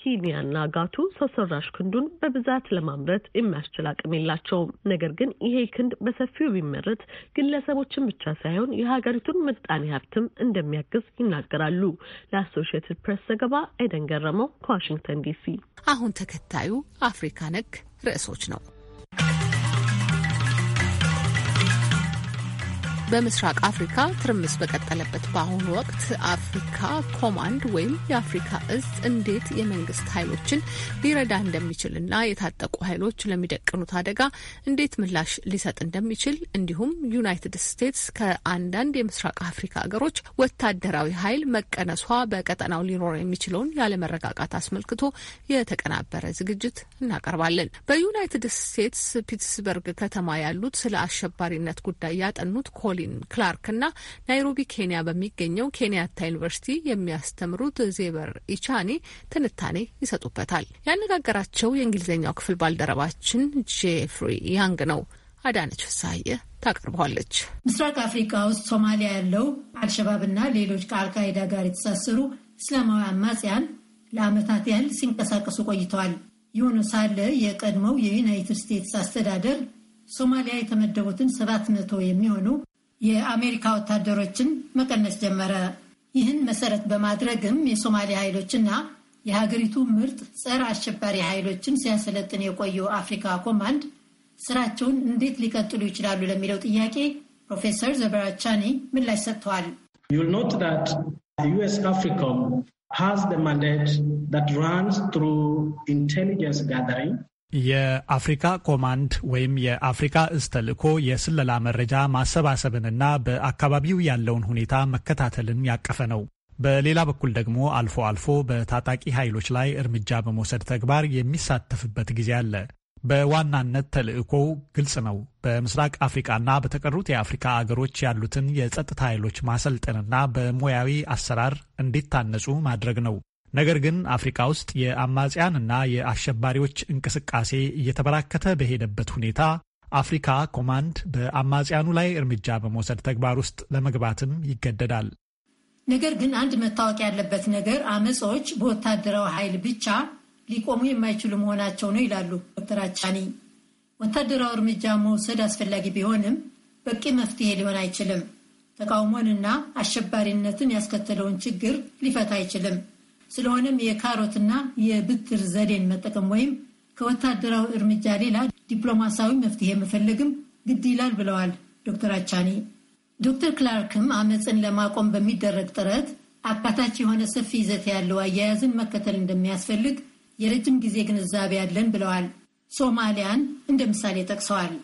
ኪኒያና ጋቱ ሰው ሰራሽ ክንዱን በብዛት ለማምረት የሚያስችል አቅም የላቸውም። ነገር ግን ይሄ ክንድ በሰፊው ቢመረት ግለሰቦችን ብቻ ሳይሆን የሀገሪቱን ምጣኔ ሀብትም እንደሚያግዝ ይናገራሉ። ለአሶሽየትድ ፕሬስ ዘገባ አይደን ገረመው ከዋሽንግተን ዲሲ። አሁን ተከታዩ አፍሪካ ነክ ርዕሶች ነው። በምስራቅ አፍሪካ ትርምስ በቀጠለበት በአሁኑ ወቅት አፍሪካ ኮማንድ ወይም የአፍሪካ እዝ እንዴት የመንግስት ኃይሎችን ሊረዳ እንደሚችልና የታጠቁ ኃይሎች ለሚደቅኑት አደጋ እንዴት ምላሽ ሊሰጥ እንደሚችል እንዲሁም ዩናይትድ ስቴትስ ከአንዳንድ የምስራቅ አፍሪካ ሀገሮች ወታደራዊ ኃይል መቀነሷ በቀጠናው ሊኖር የሚችለውን ያለመረጋጋት አስመልክቶ የተቀናበረ ዝግጅት እናቀርባለን። በዩናይትድ ስቴትስ ፒትስበርግ ከተማ ያሉት ስለ አሸባሪነት ጉዳይ ያጠኑት ኮሊ ኮሊን ክላርክ እና ናይሮቢ ኬንያ በሚገኘው ኬንያታ ዩኒቨርሲቲ የሚያስተምሩት ዜበር ኢቻኒ ትንታኔ ይሰጡበታል። ያነጋገራቸው የእንግሊዝኛው ክፍል ባልደረባችን ጄፍሪ ያንግ ነው። አዳነች ፍሳሐየ ታቀርበዋለች። ምስራቅ አፍሪካ ውስጥ ሶማሊያ ያለው አልሸባብና ሌሎች ከአልካይዳ ጋር የተሳሰሩ እስላማዊ አማጽያን ለዓመታት ያህል ሲንቀሳቀሱ ቆይተዋል። ይሁኑ ሳለ የቀድሞው የዩናይትድ ስቴትስ አስተዳደር ሶማሊያ የተመደቡትን ሰባት መቶ የሚሆኑ የአሜሪካ ወታደሮችን መቀነስ ጀመረ። ይህን መሰረት በማድረግም የሶማሌ ኃይሎችና የሀገሪቱ ምርጥ ጸረ አሸባሪ ኃይሎችን ሲያሰለጥን የቆየው አፍሪካ ኮማንድ ስራቸውን እንዴት ሊቀጥሉ ይችላሉ ለሚለው ጥያቄ ፕሮፌሰር ዘበራቻኒ ምላሽ ሰጥተዋል። ዩስ አፍሪኮም has the mandate that runs through intelligence የአፍሪካ ኮማንድ ወይም የአፍሪካ እዝ ተልዕኮ የስለላ መረጃ ማሰባሰብንና በአካባቢው ያለውን ሁኔታ መከታተልን ያቀፈ ነው። በሌላ በኩል ደግሞ አልፎ አልፎ በታጣቂ ኃይሎች ላይ እርምጃ በመውሰድ ተግባር የሚሳተፍበት ጊዜ አለ። በዋናነት ተልዕኮው ግልጽ ነው። በምስራቅ አፍሪካና በተቀሩት የአፍሪካ አገሮች ያሉትን የጸጥታ ኃይሎች ማሰልጠንና በሙያዊ አሰራር እንዲታነጹ ማድረግ ነው። ነገር ግን አፍሪካ ውስጥ የአማጽያንና የአሸባሪዎች እንቅስቃሴ እየተበራከተ በሄደበት ሁኔታ አፍሪካ ኮማንድ በአማጽያኑ ላይ እርምጃ በመውሰድ ተግባር ውስጥ ለመግባትም ይገደዳል። ነገር ግን አንድ መታወቅ ያለበት ነገር አመፃዎች በወታደራዊ ኃይል ብቻ ሊቆሙ የማይችሉ መሆናቸው ነው ይላሉ ዶክተር አቻኒ። ወታደራዊ እርምጃ መውሰድ አስፈላጊ ቢሆንም በቂ መፍትሄ ሊሆን አይችልም። ተቃውሞንና አሸባሪነትን ያስከተለውን ችግር ሊፈታ አይችልም። ስለሆነም የካሮትና የብትር ዘዴን መጠቀም ወይም ከወታደራዊ እርምጃ ሌላ ዲፕሎማሲያዊ መፍትሄ መፈለግም ግድ ይላል ብለዋል ዶክተር አቻኒ። ዶክተር ክላርክም አመፅን ለማቆም በሚደረግ ጥረት አካታች የሆነ ሰፊ ይዘት ያለው አያያዝን መከተል እንደሚያስፈልግ የረጅም ጊዜ ግንዛቤ ያለን ብለዋል። ሶማሊያን እንደ ምሳሌ ጠቅሰዋል።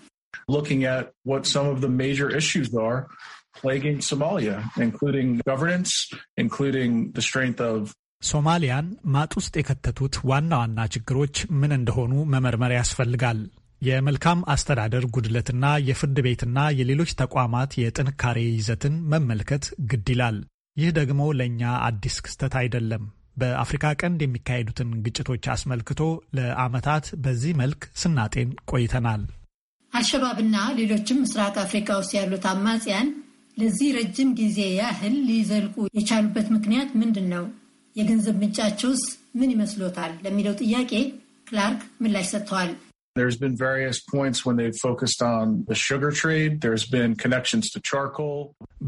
ሶማሊያን ማጥ ውስጥ የከተቱት ዋና ዋና ችግሮች ምን እንደሆኑ መመርመር ያስፈልጋል። የመልካም አስተዳደር ጉድለትና የፍርድ ቤትና የሌሎች ተቋማት የጥንካሬ ይዘትን መመልከት ግድ ይላል። ይህ ደግሞ ለእኛ አዲስ ክስተት አይደለም። በአፍሪካ ቀንድ የሚካሄዱትን ግጭቶች አስመልክቶ ለዓመታት በዚህ መልክ ስናጤን ቆይተናል። አልሸባብና ሌሎችም ምስራቅ አፍሪካ ውስጥ ያሉት አማጽያን ለዚህ ረጅም ጊዜ ያህል ሊዘልቁ የቻሉበት ምክንያት ምንድን ነው? የገንዘብ ምንጫቸውስ ምን ይመስሎታል ለሚለው ጥያቄ ክላርክ ምላሽ ሰጥተዋል።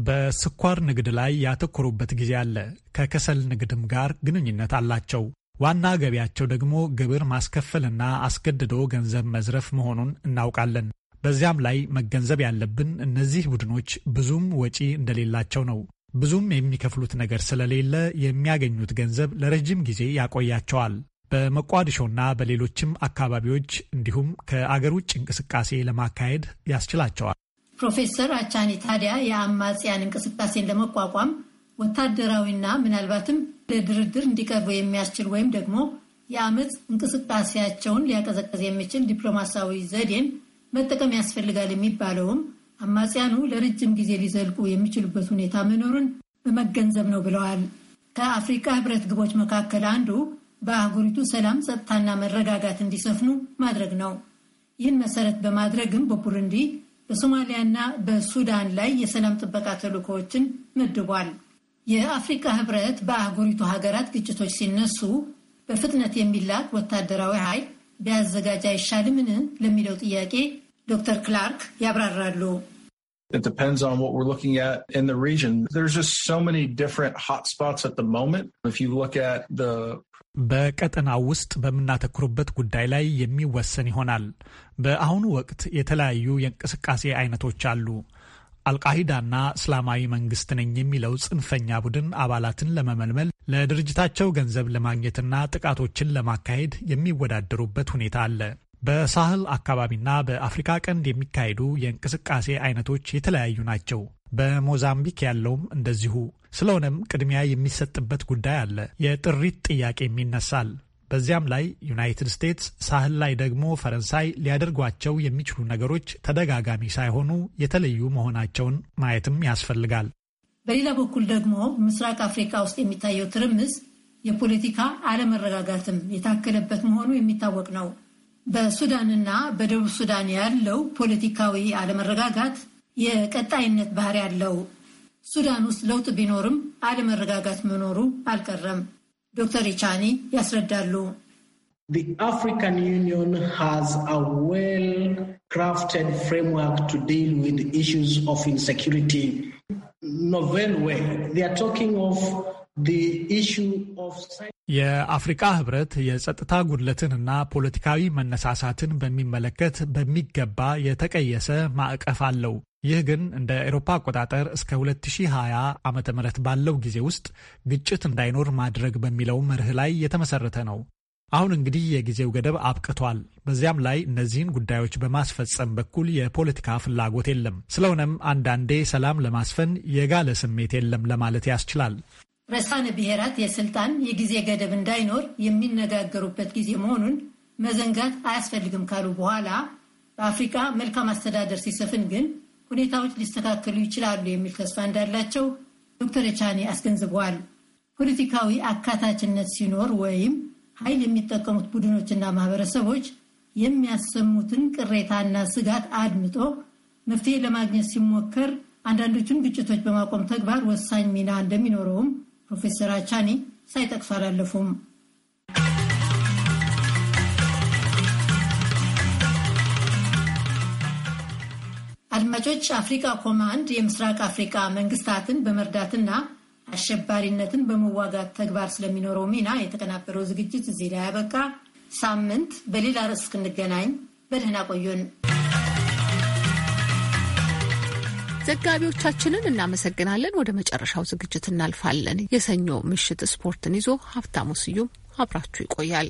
በስኳር ንግድ ላይ ያተኮሩበት ጊዜ አለ። ከከሰል ንግድም ጋር ግንኙነት አላቸው። ዋና ገቢያቸው ደግሞ ግብር ማስከፈልና አስገድዶ ገንዘብ መዝረፍ መሆኑን እናውቃለን። በዚያም ላይ መገንዘብ ያለብን እነዚህ ቡድኖች ብዙም ወጪ እንደሌላቸው ነው። ብዙም የሚከፍሉት ነገር ስለሌለ የሚያገኙት ገንዘብ ለረጅም ጊዜ ያቆያቸዋል። በመቋድሾና በሌሎችም አካባቢዎች እንዲሁም ከአገር ውጭ እንቅስቃሴ ለማካሄድ ያስችላቸዋል። ፕሮፌሰር አቻኒ ታዲያ የአማጽያን እንቅስቃሴን ለመቋቋም ወታደራዊና ምናልባትም ለድርድር እንዲቀርቡ የሚያስችል ወይም ደግሞ የአመፅ እንቅስቃሴያቸውን ሊያቀዘቀዝ የሚችል ዲፕሎማሲያዊ ዘዴን መጠቀም ያስፈልጋል የሚባለውም አማጽያኑ ለረጅም ጊዜ ሊዘልቁ የሚችሉበት ሁኔታ መኖሩን በመገንዘብ ነው ብለዋል። ከአፍሪካ ህብረት ግቦች መካከል አንዱ በአህጉሪቱ ሰላም፣ ጸጥታና መረጋጋት እንዲሰፍኑ ማድረግ ነው። ይህን መሰረት በማድረግም በቡሩንዲ በሶማሊያና በሱዳን ላይ የሰላም ጥበቃ ተልእኮዎችን መድቧል። የአፍሪካ ህብረት በአህጉሪቱ ሀገራት ግጭቶች ሲነሱ በፍጥነት የሚላክ ወታደራዊ ኃይል ቢያዘጋጅ አይሻልምን ለሚለው ጥያቄ ዶክተር ክላርክ ያብራራሉ። It depends on what we're looking at in the region. There's just so many different at the moment. If you look at the በቀጠናው ውስጥ በምናተኩርበት ጉዳይ ላይ የሚወሰን ይሆናል። በአሁኑ ወቅት የተለያዩ የእንቅስቃሴ አይነቶች አሉ። አልቃሂዳና እስላማዊ መንግስት ነኝ የሚለው ጽንፈኛ ቡድን አባላትን ለመመልመል ለድርጅታቸው ገንዘብ ለማግኘትና ጥቃቶችን ለማካሄድ የሚወዳደሩበት ሁኔታ አለ። በሳህል አካባቢና በአፍሪካ ቀንድ የሚካሄዱ የእንቅስቃሴ አይነቶች የተለያዩ ናቸው። በሞዛምቢክ ያለውም እንደዚሁ። ስለሆነም ቅድሚያ የሚሰጥበት ጉዳይ አለ። የጥሪት ጥያቄም ይነሳል። በዚያም ላይ ዩናይትድ ስቴትስ፣ ሳህል ላይ ደግሞ ፈረንሳይ ሊያደርጓቸው የሚችሉ ነገሮች ተደጋጋሚ ሳይሆኑ የተለዩ መሆናቸውን ማየትም ያስፈልጋል። በሌላ በኩል ደግሞ ምስራቅ አፍሪካ ውስጥ የሚታየው ትርምስ የፖለቲካ አለመረጋጋትም የታከለበት መሆኑ የሚታወቅ ነው። በሱዳንና በደቡብ ሱዳን ያለው ፖለቲካዊ አለመረጋጋት የቀጣይነት ባህሪ አለው። ሱዳን ውስጥ ለውጥ ቢኖርም አለመረጋጋት መኖሩ አልቀረም። ዶክተር ኢቻኒ ያስረዳሉ። አፍሪካን ዩኒየን ሃዝ አ ዌል ዲል ዊዝ ኢሹስ ኦፍ የአፍሪካ ህብረት የጸጥታ ጉድለትንና ፖለቲካዊ መነሳሳትን በሚመለከት በሚገባ የተቀየሰ ማዕቀፍ አለው። ይህ ግን እንደ አውሮፓ አቆጣጠር እስከ 2020 ዓ ም ባለው ጊዜ ውስጥ ግጭት እንዳይኖር ማድረግ በሚለው መርህ ላይ የተመሰረተ ነው። አሁን እንግዲህ የጊዜው ገደብ አብቅቷል። በዚያም ላይ እነዚህን ጉዳዮች በማስፈጸም በኩል የፖለቲካ ፍላጎት የለም። ስለሆነም አንዳንዴ ሰላም ለማስፈን የጋለ ስሜት የለም ለማለት ያስችላል። ረሳነ ብሔራት የስልጣን የጊዜ ገደብ እንዳይኖር የሚነጋገሩበት ጊዜ መሆኑን መዘንጋት አያስፈልግም ካሉ በኋላ በአፍሪካ መልካም አስተዳደር ሲሰፍን ግን ሁኔታዎች ሊስተካከሉ ይችላሉ የሚል ተስፋ እንዳላቸው ዶክተር ቻኔ አስገንዝበዋል። ፖለቲካዊ አካታችነት ሲኖር ወይም ኃይል የሚጠቀሙት ቡድኖችና ማህበረሰቦች የሚያሰሙትን ቅሬታና ስጋት አድምጦ መፍትሄ ለማግኘት ሲሞከር አንዳንዶቹን ግጭቶች በማቆም ተግባር ወሳኝ ሚና እንደሚኖረውም ፕሮፌሰር አቻኒ ሳይጠቅሱ አላለፉም። አድማጮች፣ አፍሪካ ኮማንድ የምስራቅ አፍሪካ መንግስታትን በመርዳትና አሸባሪነትን በመዋጋት ተግባር ስለሚኖረው ሚና የተቀናበረው ዝግጅት እዚህ ላይ ያበቃ። ሳምንት በሌላ ርዕስ እስክንገናኝ በደህና ቆዩን። ዘጋቢዎቻችንን እናመሰግናለን። ወደ መጨረሻው ዝግጅት እናልፋለን። የሰኞ ምሽት ስፖርትን ይዞ ሀብታሙ ስዩም አብራችሁ ይቆያል።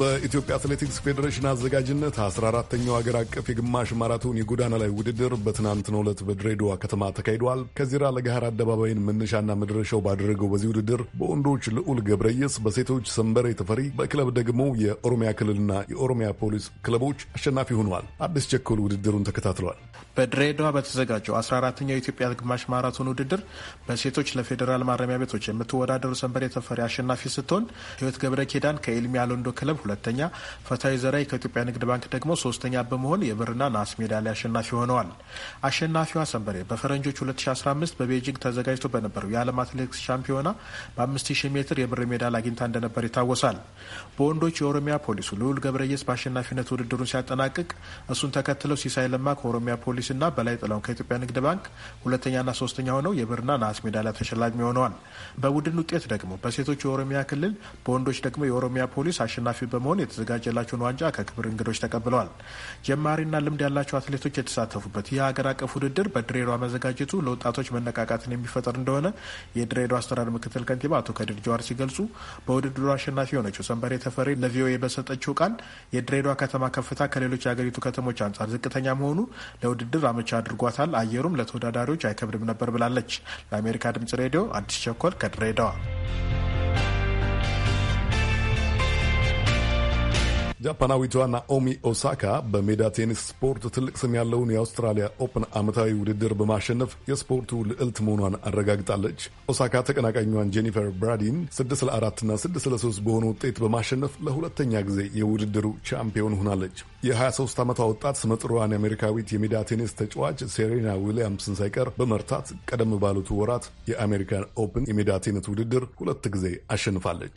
በኢትዮጵያ አትሌቲክስ ፌዴሬሽን አዘጋጅነት 14ተኛው ሀገር አቀፍ የግማሽ ማራቶን የጎዳና ላይ ውድድር በትናንትናው ዕለት በድሬዳዋ ከተማ ተካሂደዋል። ከዚራ ለገሃር አደባባይን መነሻና መድረሻው ባደረገው በዚህ ውድድር በወንዶች ልዑል ገብረየስ፣ በሴቶች ሰንበሬ ተፈሪ፣ በክለብ ደግሞ የኦሮሚያ ክልልና የኦሮሚያ ፖሊስ ክለቦች አሸናፊ ሆነዋል። አዲስ ቸኮል ውድድሩን ተከታትሏል። በድሬዳዋ በተዘጋጀው 14 ተኛው የኢትዮጵያ ግማሽ ማራቶን ውድድር በሴቶች ለፌዴራል ማረሚያ ቤቶች የምትወዳደሩ ሰንበሬ ተፈሪ አሸናፊ ስትሆን ህይወት ገብረ ኪዳን ከኤልሚ ሎንዶ ክለብ ሁለተኛ፣ ፈትሀይ ዘራይ ከኢትዮጵያ ንግድ ባንክ ደግሞ ሶስተኛ በመሆን የብርና ናስ ሜዳሊያ አሸናፊ ሆነዋል። አሸናፊዋ ሰንበሬ በፈረንጆች 2015 በቤጂንግ ተዘጋጅቶ በነበረው የዓለም አትሌቲክስ ሻምፒዮና በ5000 ሜትር የብር ሜዳል አግኝታ እንደነበር ይታወሳል። በወንዶች የኦሮሚያ ፖሊሱ ልዑል ገብረየስ በአሸናፊነት ውድድሩን ሲያጠናቅቅ እሱን ተከትለው ሲሳይ ለማ ከኦሮሚያ ፖሊስና በላይ ጥላውን ከኢትዮጵያ ንግድ ባንክ ሁለተኛና ሶስተኛ ሆነው የብርና ናስ ሜዳሊያ ተሸላሚ ሆነዋል። በቡድን ውጤት ደግሞ በሴቶች የኦሮሚያ ክልል፣ በወንዶች ደግሞ የኦሮሚያ ፖሊስ አሸናፊ በመሆን የተዘጋጀላቸውን ዋንጫ ከክብር እንግዶች ተቀብለዋል። ጀማሪና ልምድ ያላቸው አትሌቶች የተሳተፉበት ይህ ሀገር አቀፍ ውድድር በድሬዳዋ መዘጋጀቱ ለወጣቶች መነቃቃትን የሚፈጥር እንደሆነ የድሬዳዋ አስተዳደር ምክትል ከንቲባ አቶ ከድር ጀዋር ሲገልጹ፣ በውድድሩ አሸናፊ የሆነችው ሰንበሬ ተፈሪ ለቪኦኤ በሰጠችው ቃል የድሬዳዋ ከተማ ከፍታ ከሌሎች የሀገሪቱ ከተሞች አንጻር ዝቅተኛ መሆኑ ለውድድር አመቻ አድርጓታል፣ አየሩም ለተወዳዳሪዎች አይከብድም ነበር ብላለች። ለአሜሪካ ድምጽ ሬዲዮ አዲስ ቸኮል ከድሬዳዋ ጃፓናዊቷ ናኦሚ ኦሳካ በሜዳ ቴኒስ ስፖርት ትልቅ ስም ያለውን የአውስትራሊያ ኦፕን ዓመታዊ ውድድር በማሸነፍ የስፖርቱ ልዕልት መሆኗን አረጋግጣለች። ኦሳካ ተቀናቃኟን ጄኒፈር ብራዲን 6 ለ4 እና 6 ለ3 በሆነ ውጤት በማሸነፍ ለሁለተኛ ጊዜ የውድድሩ ቻምፒዮን ሆናለች። የ23 ዓመቷ ወጣት ስመጥሯዋን የአሜሪካዊት የሜዳ ቴኒስ ተጫዋች ሴሬና ዊሊያምስን ሳይቀር በመርታት ቀደም ባሉት ወራት የአሜሪካን ኦፕን የሜዳ ቴኒስ ውድድር ሁለት ጊዜ አሸንፋለች።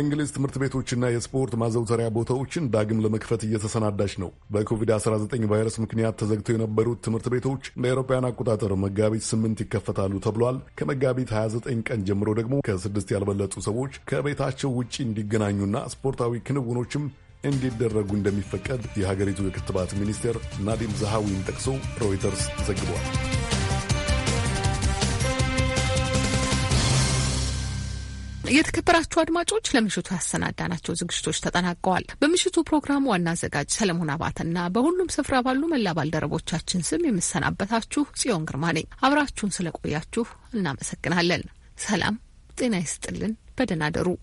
እንግሊዝ ትምህርት ቤቶችና የስፖርት ማዘውተሪያ ቦታዎችን ዳግም ለመክፈት እየተሰናዳች ነው። በኮቪድ-19 ቫይረስ ምክንያት ተዘግተው የነበሩት ትምህርት ቤቶች እንደ አውሮፓውያን አቆጣጠር መጋቢት 8 ይከፈታሉ ተብሏል። ከመጋቢት 29 ቀን ጀምሮ ደግሞ ከስድስት ያልበለጡ ሰዎች ከቤታቸው ውጭ እንዲገናኙና ስፖርታዊ ክንውኖችም እንዲደረጉ እንደሚፈቀድ የሀገሪቱ የክትባት ሚኒስቴር ናዲም ዛሃዊን ጠቅሶ ሮይተርስ ዘግቧል። የተከበራችሁ አድማጮች ለምሽቱ ያሰናዳናቸው ዝግጅቶች ተጠናቀዋል። በምሽቱ ፕሮግራሙ ዋና አዘጋጅ ሰለሞን አባተና በሁሉም ስፍራ ባሉ መላ ባልደረቦቻችን ስም የምሰናበታችሁ ጽዮን ግርማ ነኝ። አብራችሁን ስለቆያችሁ እናመሰግናለን። ሰላም ጤና ይስጥልን። በደህና ደሩ።